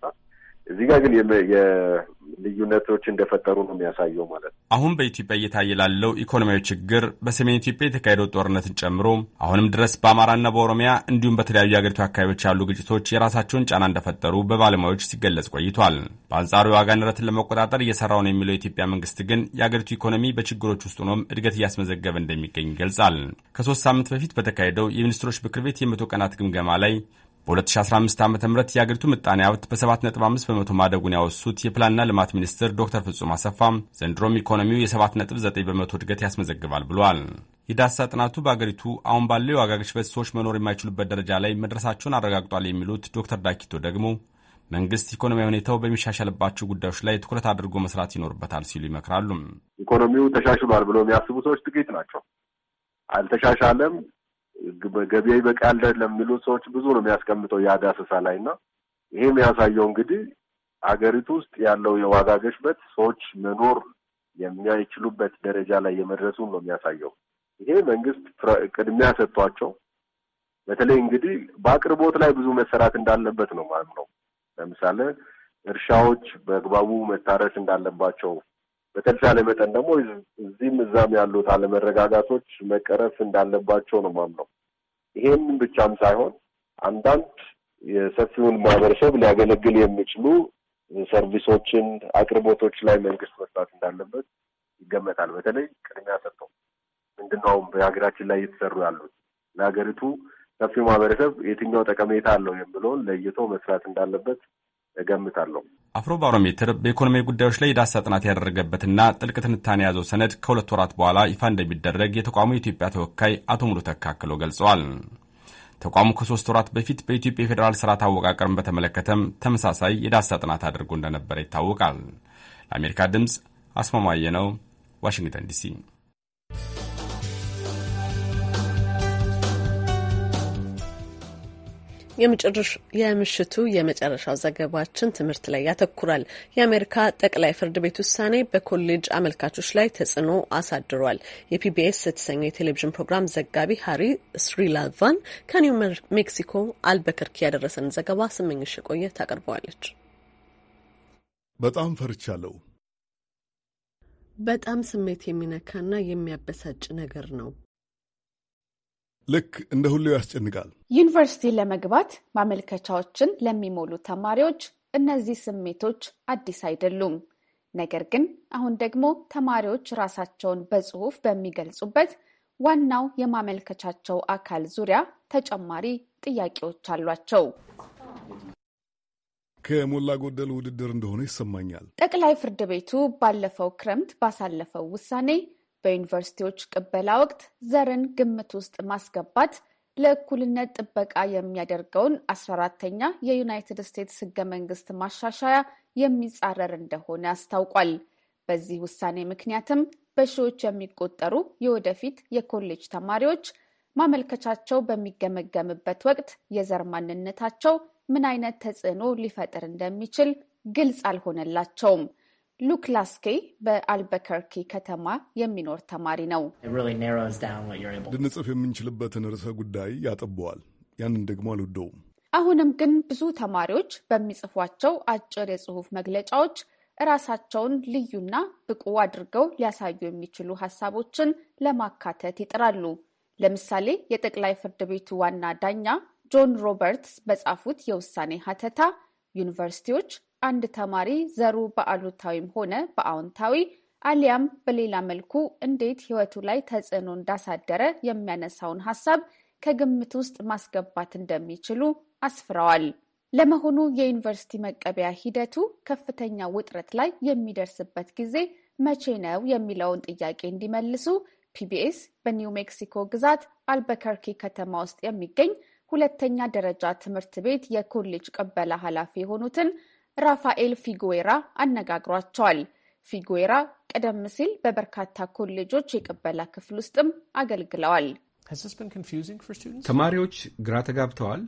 እዚህ ጋር ግን የልዩነቶች እንደፈጠሩ ነው የሚያሳየው ማለት ነው። አሁን በኢትዮጵያ እየታየ ላለው ኢኮኖሚያዊ ችግር በሰሜን ኢትዮጵያ የተካሄደው ጦርነትን ጨምሮ አሁንም ድረስ በአማራና በኦሮሚያ እንዲሁም በተለያዩ የአገሪቱ አካባቢዎች ያሉ ግጭቶች የራሳቸውን ጫና እንደፈጠሩ በባለሙያዎች ሲገለጽ ቆይቷል። በአንጻሩ የዋጋ ንረትን ለመቆጣጠር እየሰራው ነው የሚለው የኢትዮጵያ መንግስት ግን የአገሪቱ ኢኮኖሚ በችግሮች ውስጥ ሆኖም እድገት እያስመዘገበ እንደሚገኝ ይገልጻል። ከሶስት ሳምንት በፊት በተካሄደው የሚኒስትሮች ምክር ቤት የመቶ ቀናት ግምገማ ላይ በ2015 ዓ ም የአገሪቱ ምጣኔ ሀብት በ7.5 በመቶ ማደጉን ያወሱት የፕላንና ልማት ሚኒስትር ዶክተር ፍጹም አሰፋ ዘንድሮም ኢኮኖሚው የ7.9 በመቶ እድገት ያስመዘግባል ብሏል። የዳሳ ጥናቱ በአገሪቱ አሁን ባለው የዋጋ ግሽበት ሰዎች መኖር የማይችሉበት ደረጃ ላይ መድረሳቸውን አረጋግጧል የሚሉት ዶክተር ዳኪቶ ደግሞ መንግስት ኢኮኖሚያዊ ሁኔታው በሚሻሻልባቸው ጉዳዮች ላይ ትኩረት አድርጎ መስራት ይኖርበታል ሲሉ ይመክራሉ። ኢኮኖሚው ተሻሽሏል ብሎ የሚያስቡ ሰዎች ጥቂት ናቸው። አልተሻሻለም ገበያ ይበቃል ለሚሉ ሰዎች ብዙ ነው የሚያስቀምጠው የአዳሰሳ ላይ እና ይሄ የሚያሳየው እንግዲህ አገሪቱ ውስጥ ያለው የዋጋ ግሽበት ሰዎች መኖር የሚያይችሉበት ደረጃ ላይ የመድረሱን ነው የሚያሳየው። ይሄ መንግስት ቅድሚያ ሰጥቷቸው በተለይ እንግዲህ በአቅርቦት ላይ ብዙ መሰራት እንዳለበት ነው ማለት ነው። ለምሳሌ እርሻዎች በአግባቡ መታረስ እንዳለባቸው በተቻለ መጠን ደግሞ እዚህም እዛም ያሉት አለመረጋጋቶች መቀረፍ እንዳለባቸው ነው ማምነው። ይሄም ብቻም ሳይሆን አንዳንድ የሰፊውን ማህበረሰብ ሊያገለግል የሚችሉ ሰርቪሶችን፣ አቅርቦቶች ላይ መንግስት መስራት እንዳለበት ይገመታል። በተለይ ቅድሚያ ሰጥተው ምንድነው በሀገራችን ላይ እየተሰሩ ያሉት ለሀገሪቱ ሰፊው ማህበረሰብ የትኛው ጠቀሜታ አለው የሚለውን ለይቶ መስራት እንዳለበት እገምታለሁ። አፍሮ ባሮሜትር በኢኮኖሚ ጉዳዮች ላይ የዳሰሳ ጥናት ያደረገበትና ጥልቅ ትንታኔ የያዘው ሰነድ ከሁለት ወራት በኋላ ይፋ እንደሚደረግ የተቋሙ የኢትዮጵያ ተወካይ አቶ ሙሉ ተካክለው ገልጸዋል። ተቋሙ ከሶስት ወራት በፊት በኢትዮጵያ የፌዴራል ስርዓት አወቃቀርን በተመለከተም ተመሳሳይ የዳሳ ጥናት አድርጎ እንደነበረ ይታወቃል። ለአሜሪካ ድምፅ አስማማየ ነው፣ ዋሽንግተን ዲሲ የምሽቱ የመጨረሻው ዘገባችን ትምህርት ላይ ያተኩራል። የአሜሪካ ጠቅላይ ፍርድ ቤት ውሳኔ በኮሌጅ አመልካቾች ላይ ተጽዕኖ አሳድሯል። የፒቢኤስ የተሰኘው የቴሌቪዥን ፕሮግራም ዘጋቢ ሀሪ ስሪላቫን ከኒው ሜክሲኮ አልበከርኪ ያደረሰን ዘገባ ስመኝሽ ቆየ ታቀርበዋለች። በጣም ፈርቻለሁ። በጣም ስሜት የሚነካና የሚያበሳጭ ነገር ነው ልክ እንደ ሁሉ ያስጨንቃል። ዩኒቨርሲቲ ለመግባት ማመልከቻዎችን ለሚሞሉ ተማሪዎች እነዚህ ስሜቶች አዲስ አይደሉም። ነገር ግን አሁን ደግሞ ተማሪዎች ራሳቸውን በጽሁፍ በሚገልጹበት ዋናው የማመልከቻቸው አካል ዙሪያ ተጨማሪ ጥያቄዎች አሏቸው። ከሞላ ጎደል ውድድር እንደሆነ ይሰማኛል። ጠቅላይ ፍርድ ቤቱ ባለፈው ክረምት ባሳለፈው ውሳኔ በዩኒቨርሲቲዎች ቅበላ ወቅት ዘርን ግምት ውስጥ ማስገባት ለእኩልነት ጥበቃ የሚያደርገውን አስራ አራተኛ የዩናይትድ ስቴትስ ህገ መንግስት ማሻሻያ የሚጻረር እንደሆነ አስታውቋል። በዚህ ውሳኔ ምክንያትም በሺዎች የሚቆጠሩ የወደፊት የኮሌጅ ተማሪዎች ማመልከቻቸው በሚገመገምበት ወቅት የዘር ማንነታቸው ምን አይነት ተጽዕኖ ሊፈጥር እንደሚችል ግልጽ አልሆነላቸውም። ሉክ ላስኬ በአልበከርኪ ከተማ የሚኖር ተማሪ ነው። ልንጽፍ የምንችልበትን ርዕሰ ጉዳይ ያጠበዋል። ያንን ደግሞ አልወደውም። አሁንም ግን ብዙ ተማሪዎች በሚጽፏቸው አጭር የጽሑፍ መግለጫዎች እራሳቸውን ልዩና ብቁ አድርገው ሊያሳዩ የሚችሉ ሀሳቦችን ለማካተት ይጥራሉ። ለምሳሌ የጠቅላይ ፍርድ ቤቱ ዋና ዳኛ ጆን ሮበርትስ በጻፉት የውሳኔ ሀተታ ዩኒቨርሲቲዎች አንድ ተማሪ ዘሩ በአሉታዊም ሆነ በአዎንታዊ አሊያም በሌላ መልኩ እንዴት ሕይወቱ ላይ ተጽዕኖ እንዳሳደረ የሚያነሳውን ሀሳብ ከግምት ውስጥ ማስገባት እንደሚችሉ አስፍረዋል። ለመሆኑ የዩኒቨርሲቲ መቀበያ ሂደቱ ከፍተኛ ውጥረት ላይ የሚደርስበት ጊዜ መቼ ነው የሚለውን ጥያቄ እንዲመልሱ ፒቢኤስ በኒው ሜክሲኮ ግዛት አልበከርኪ ከተማ ውስጥ የሚገኝ ሁለተኛ ደረጃ ትምህርት ቤት የኮሌጅ ቅበላ ኃላፊ የሆኑትን ራፋኤል ፊጉዌራ አነጋግሯቸዋል። ፊጉዌራ ቀደም ሲል በበርካታ ኮሌጆች የቅበላ ክፍል ውስጥም አገልግለዋል። ተማሪዎች ግራ ተጋብተዋል።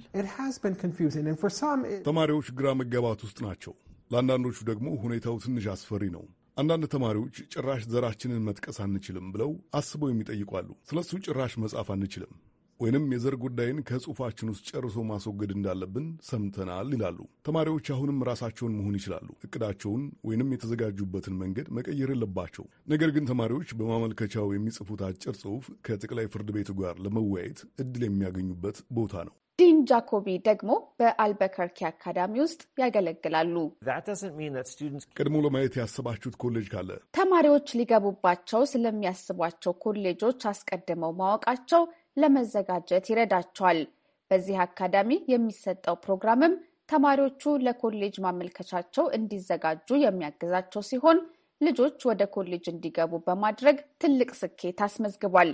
ተማሪዎች ግራ መጋባት ውስጥ ናቸው። ለአንዳንዶቹ ደግሞ ሁኔታው ትንሽ አስፈሪ ነው። አንዳንድ ተማሪዎች ጭራሽ ዘራችንን መጥቀስ አንችልም ብለው አስበው የሚጠይቋሉ። ስለሱ ጭራሽ መጻፍ አንችልም ወይንም የዘር ጉዳይን ከጽሑፋችን ውስጥ ጨርሶ ማስወገድ እንዳለብን ሰምተናል ይላሉ። ተማሪዎች አሁንም ራሳቸውን መሆን ይችላሉ። እቅዳቸውን ወይንም የተዘጋጁበትን መንገድ መቀየር የለባቸው። ነገር ግን ተማሪዎች በማመልከቻው የሚጽፉት አጭር ጽሑፍ ከጠቅላይ ፍርድ ቤቱ ጋር ለመወያየት እድል የሚያገኙበት ቦታ ነው። ዲን ጃኮቢ ደግሞ በአልበከርኪ አካዳሚ ውስጥ ያገለግላሉ። ቀድሞ ለማየት ያሰባችሁት ኮሌጅ ካለ ተማሪዎች ሊገቡባቸው ስለሚያስቧቸው ኮሌጆች አስቀድመው ማወቃቸው ለመዘጋጀት ይረዳቸዋል። በዚህ አካዳሚ የሚሰጠው ፕሮግራምም ተማሪዎቹ ለኮሌጅ ማመልከቻቸው እንዲዘጋጁ የሚያግዛቸው ሲሆን ልጆች ወደ ኮሌጅ እንዲገቡ በማድረግ ትልቅ ስኬት አስመዝግቧል።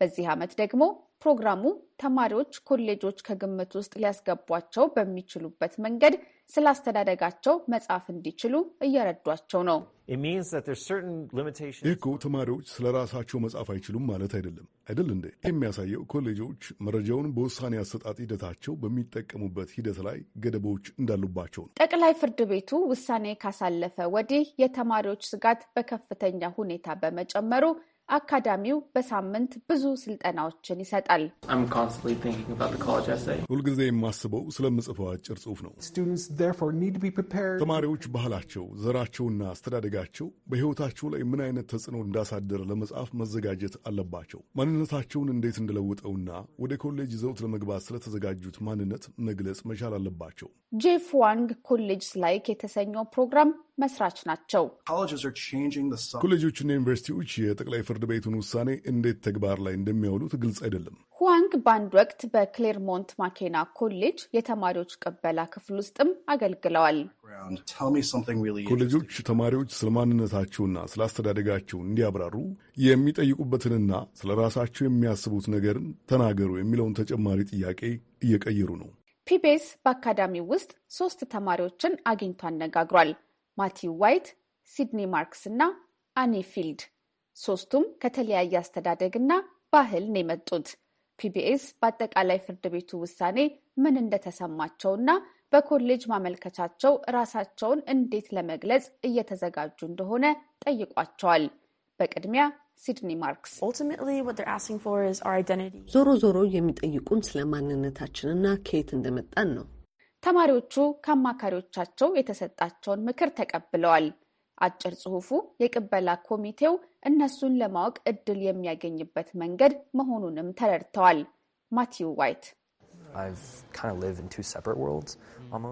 በዚህ ዓመት ደግሞ ፕሮግራሙ ተማሪዎች ኮሌጆች ከግምት ውስጥ ሊያስገቧቸው በሚችሉበት መንገድ ስለ አስተዳደጋቸው መጻፍ እንዲችሉ እየረዷቸው ነው። ይህ እኮ ተማሪዎች ስለ ራሳቸው መጻፍ አይችሉም ማለት አይደለም፣ አይደል እንዴ? የሚያሳየው ኮሌጆች መረጃውን በውሳኔ አሰጣጥ ሂደታቸው በሚጠቀሙበት ሂደት ላይ ገደቦች እንዳሉባቸው ነው። ጠቅላይ ፍርድ ቤቱ ውሳኔ ካሳለፈ ወዲህ የተማሪዎች ስጋት በከፍተኛ ሁኔታ በመጨመሩ አካዳሚው በሳምንት ብዙ ስልጠናዎችን ይሰጣል። ሁልጊዜ የማስበው ስለምጽፈው አጭር ጽሑፍ ነው። ተማሪዎች ባህላቸው፣ ዘራቸውና አስተዳደጋቸው በሕይወታቸው ላይ ምን አይነት ተጽዕኖ እንዳሳደረ ለመጻፍ መዘጋጀት አለባቸው። ማንነታቸውን እንዴት እንደለውጠውና ወደ ኮሌጅ ይዘውት ለመግባት ስለተዘጋጁት ማንነት መግለጽ መቻል አለባቸው። ጄፍ ዋንግ ኮሌጅስ ላይክ የተሰኘው ፕሮግራም መስራች ናቸው። ኮሌጆችና ዩኒቨርሲቲዎች የጠቅላይ ፍርድ ቤቱን ውሳኔ እንዴት ተግባር ላይ እንደሚያውሉት ግልጽ አይደለም። ሁዋንግ በአንድ ወቅት በክሌርሞንት ማኬና ኮሌጅ የተማሪዎች ቀበላ ክፍል ውስጥም አገልግለዋል። ኮሌጆች ተማሪዎች ስለ ማንነታቸውና ስለ አስተዳደጋቸው እንዲያብራሩ የሚጠይቁበትንና ስለ ራሳቸው የሚያስቡት ነገርን ተናገሩ የሚለውን ተጨማሪ ጥያቄ እየቀየሩ ነው። ፒቤስ በአካዳሚው ውስጥ ሶስት ተማሪዎችን አግኝቶ አነጋግሯል። ማቲው ዋይት፣ ሲድኒ ማርክስ እና አኒ ፊልድ ሶስቱም ከተለያየ አስተዳደግና ባህል ነው የመጡት። ፒቢኤስ በአጠቃላይ ፍርድ ቤቱ ውሳኔ ምን እንደተሰማቸውና በኮሌጅ ማመልከቻቸው ራሳቸውን እንዴት ለመግለጽ እየተዘጋጁ እንደሆነ ጠይቋቸዋል። በቅድሚያ ሲድኒ ማርክስ ዞሮ ዞሮ የሚጠይቁን ስለ ማንነታችንና ከየት እንደመጣን ነው። ተማሪዎቹ ከአማካሪዎቻቸው የተሰጣቸውን ምክር ተቀብለዋል። አጭር ጽሑፉ የቅበላ ኮሚቴው እነሱን ለማወቅ እድል የሚያገኝበት መንገድ መሆኑንም ተረድተዋል። ማቲው ዋይት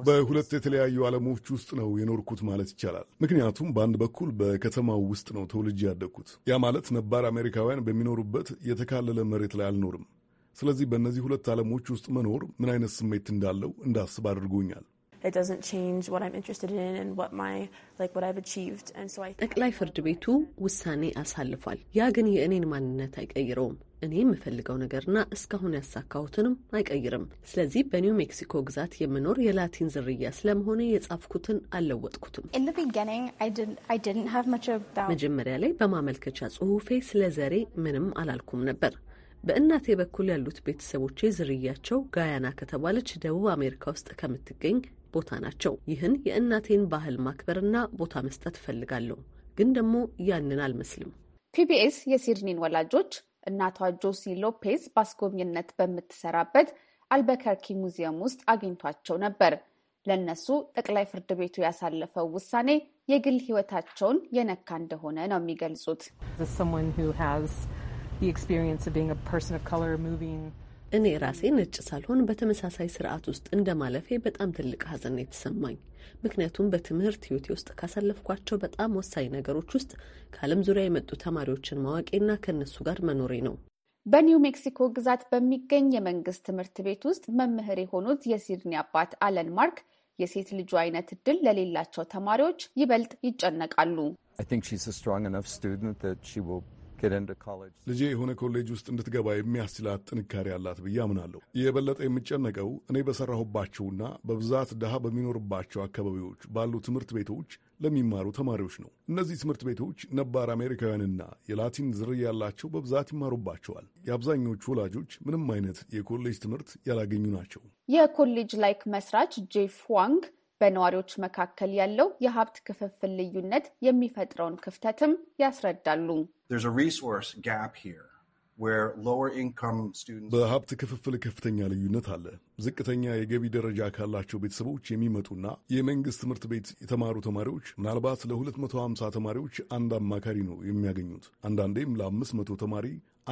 በሁለት የተለያዩ ዓለሞች ውስጥ ነው የኖርኩት ማለት ይቻላል። ምክንያቱም በአንድ በኩል በከተማው ውስጥ ነው ተወልጄ ያደግኩት። ያ ማለት ነባር አሜሪካውያን በሚኖሩበት የተካለለ መሬት ላይ አልኖርም። ስለዚህ በእነዚህ ሁለት ዓለሞች ውስጥ መኖር ምን አይነት ስሜት እንዳለው እንዳስብ አድርጎኛል። ጠቅላይ ፍርድ ቤቱ ውሳኔ አሳልፏል። ያ ግን የእኔን ማንነት አይቀይረውም። እኔ የምፈልገው ነገርና እስካሁን ያሳካሁትንም አይቀይርም። ስለዚህ በኒው ሜክሲኮ ግዛት የምኖር የላቲን ዝርያ ስለመሆነ የጻፍኩትን አልለወጥኩትም። መጀመሪያ ላይ በማመልከቻ ጽሁፌ ስለ ዘሬ ምንም አላልኩም ነበር። በእናቴ በኩል ያሉት ቤተሰቦቼ ዝርያቸው ጋያና ከተባለች ደቡብ አሜሪካ ውስጥ ከምትገኝ ቦታ ናቸው። ይህን የእናቴን ባህል ማክበርና ቦታ መስጠት እፈልጋለሁ፣ ግን ደግሞ ያንን አልመስልም። ፒቢኤስ የሲድኒን ወላጆች እናቷ ጆሲ ሎፔዝ በአስጎብኝነት በምትሰራበት አልበከርኪ ሙዚየም ውስጥ አግኝቷቸው ነበር። ለእነሱ ጠቅላይ ፍርድ ቤቱ ያሳለፈው ውሳኔ የግል ሕይወታቸውን የነካ እንደሆነ ነው የሚገልጹት። እኔ ራሴ ነጭ ሳልሆን በተመሳሳይ ስርዓት ውስጥ እንደማለፌ በጣም ትልቅ ሀዘን የተሰማኝ ምክንያቱም በትምህርት ሕይወቴ ውስጥ ካሳለፍኳቸው በጣም ወሳኝ ነገሮች ውስጥ ከዓለም ዙሪያ የመጡ ተማሪዎችን ማወቄና ከእነሱ ጋር መኖሬ ነው። በኒው ሜክሲኮ ግዛት በሚገኝ የመንግስት ትምህርት ቤት ውስጥ መምህር የሆኑት የሲድኒ አባት አለን ማርክ የሴት ልጁ አይነት እድል ለሌላቸው ተማሪዎች ይበልጥ ይጨነቃሉ። ልጄ የሆነ ኮሌጅ ውስጥ እንድትገባ የሚያስችላት ጥንካሬ አላት ብዬ አምናለሁ። የበለጠ የምጨነቀው እኔ በሰራሁባቸውና በብዛት ድሃ በሚኖርባቸው አካባቢዎች ባሉ ትምህርት ቤቶች ለሚማሩ ተማሪዎች ነው። እነዚህ ትምህርት ቤቶች ነባር አሜሪካውያንና የላቲን ዝርያ ያላቸው በብዛት ይማሩባቸዋል። የአብዛኞቹ ወላጆች ምንም አይነት የኮሌጅ ትምህርት ያላገኙ ናቸው። የኮሌጅ ላይክ መስራች ጄፍ ዋንግ በነዋሪዎች መካከል ያለው የሀብት ክፍፍል ልዩነት የሚፈጥረውን ክፍተትም ያስረዳሉ። there's a resource gap here. በሀብት ክፍፍል ከፍተኛ ልዩነት አለ። ዝቅተኛ የገቢ ደረጃ ካላቸው ቤተሰቦች የሚመጡና የመንግስት ትምህርት ቤት የተማሩ ተማሪዎች ምናልባት ለ250 ተማሪዎች አንድ አማካሪ ነው የሚያገኙት። አንዳንዴም ለ500 ተማሪ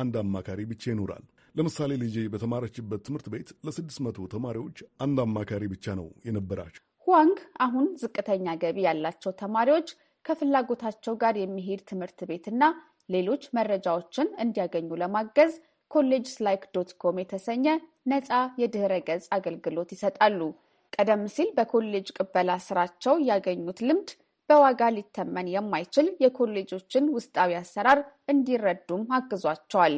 አንድ አማካሪ ብቻ ይኖራል። ለምሳሌ ልጄ በተማረችበት ትምህርት ቤት ለ600 ተማሪዎች አንድ አማካሪ ብቻ ነው የነበራቸው። ሁዋንግ አሁን ዝቅተኛ ገቢ ያላቸው ተማሪዎች ከፍላጎታቸው ጋር የሚሄድ ትምህርት ቤትና ሌሎች መረጃዎችን እንዲያገኙ ለማገዝ ኮሌጅስ ላይክ ዶት ኮም የተሰኘ ነፃ የድህረ ገጽ አገልግሎት ይሰጣሉ። ቀደም ሲል በኮሌጅ ቅበላ ስራቸው ያገኙት ልምድ በዋጋ ሊተመን የማይችል የኮሌጆችን ውስጣዊ አሰራር እንዲረዱም አግዟቸዋል።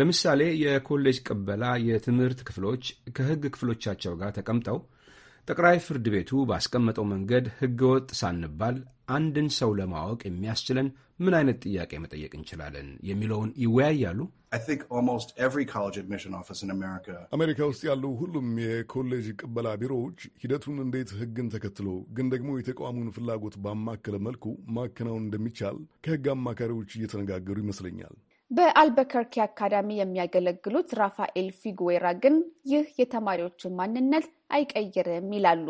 ለምሳሌ የኮሌጅ ቅበላ የትምህርት ክፍሎች ከህግ ክፍሎቻቸው ጋር ተቀምጠው ጠቅላይ ፍርድ ቤቱ ባስቀመጠው መንገድ ወጥ ሳንባል አንድን ሰው ለማወቅ የሚያስችለን ምን አይነት ጥያቄ መጠየቅ እንችላለን የሚለውን ይወያያሉ። አሜሪካ ውስጥ ያሉ ሁሉም የኮሌጅ ቅበላ ቢሮዎች ሂደቱን እንዴት ሕግን ተከትሎ ግን ደግሞ የተቋሙን ፍላጎት ባማከለ መልኩ ማከናወን እንደሚቻል ከሕግ አማካሪዎች እየተነጋገሩ ይመስለኛል። በአልበከርኪ አካዳሚ የሚያገለግሉት ራፋኤል ፊጉዌራ ግን ይህ የተማሪዎችን ማንነት አይቀይርም ይላሉ።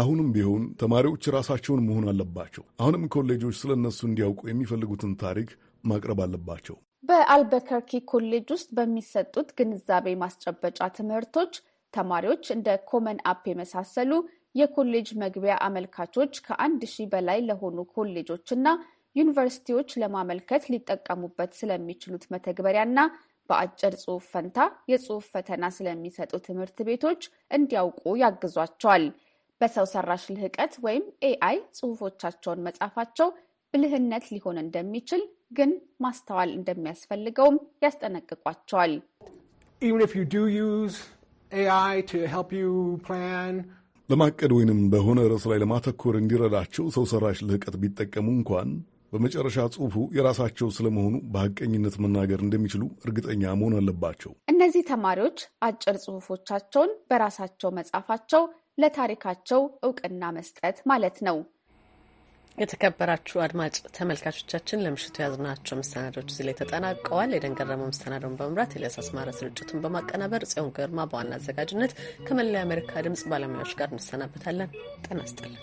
አሁንም ቢሆን ተማሪዎች ራሳቸውን መሆን አለባቸው። አሁንም ኮሌጆች ስለ እነሱ እንዲያውቁ የሚፈልጉትን ታሪክ ማቅረብ አለባቸው። በአልበከርኪ ኮሌጅ ውስጥ በሚሰጡት ግንዛቤ ማስጨበጫ ትምህርቶች ተማሪዎች እንደ ኮመን አፕ የመሳሰሉ የኮሌጅ መግቢያ አመልካቾች ከአንድ ሺህ በላይ ለሆኑ ኮሌጆች እና ዩኒቨርሲቲዎች ለማመልከት ሊጠቀሙበት ስለሚችሉት መተግበሪያና በአጭር ጽሑፍ ፈንታ የጽሑፍ ፈተና ስለሚሰጡ ትምህርት ቤቶች እንዲያውቁ ያግዟቸዋል። በሰው ሰራሽ ልህቀት ወይም ኤአይ ጽሑፎቻቸውን መጻፋቸው ብልህነት ሊሆን እንደሚችል ግን ማስተዋል እንደሚያስፈልገውም ያስጠነቅቋቸዋል። ለማቀድ ወይንም በሆነ ርዕስ ላይ ለማተኮር እንዲረዳቸው ሰው ሰራሽ ልህቀት ቢጠቀሙ እንኳን በመጨረሻ ጽሑፉ የራሳቸው ስለመሆኑ በሐቀኝነት መናገር እንደሚችሉ እርግጠኛ መሆን አለባቸው። እነዚህ ተማሪዎች አጭር ጽሑፎቻቸውን በራሳቸው መጻፋቸው ለታሪካቸው እውቅና መስጠት ማለት ነው። የተከበራችሁ አድማጭ ተመልካቾቻችን ለምሽቱ የያዝናቸው መሰናዶች እዚህ ላይ ተጠናቀዋል። የደንገረመው መሰናዶውን በመምራት ኤልያስ አስማረ፣ ስርጭቱን በማቀናበር ጽዮን ግርማ፣ በዋና አዘጋጅነት ከመላው የአሜሪካ ድምጽ ባለሙያዎች ጋር እንሰናበታለን። ጤና ይስጥልን።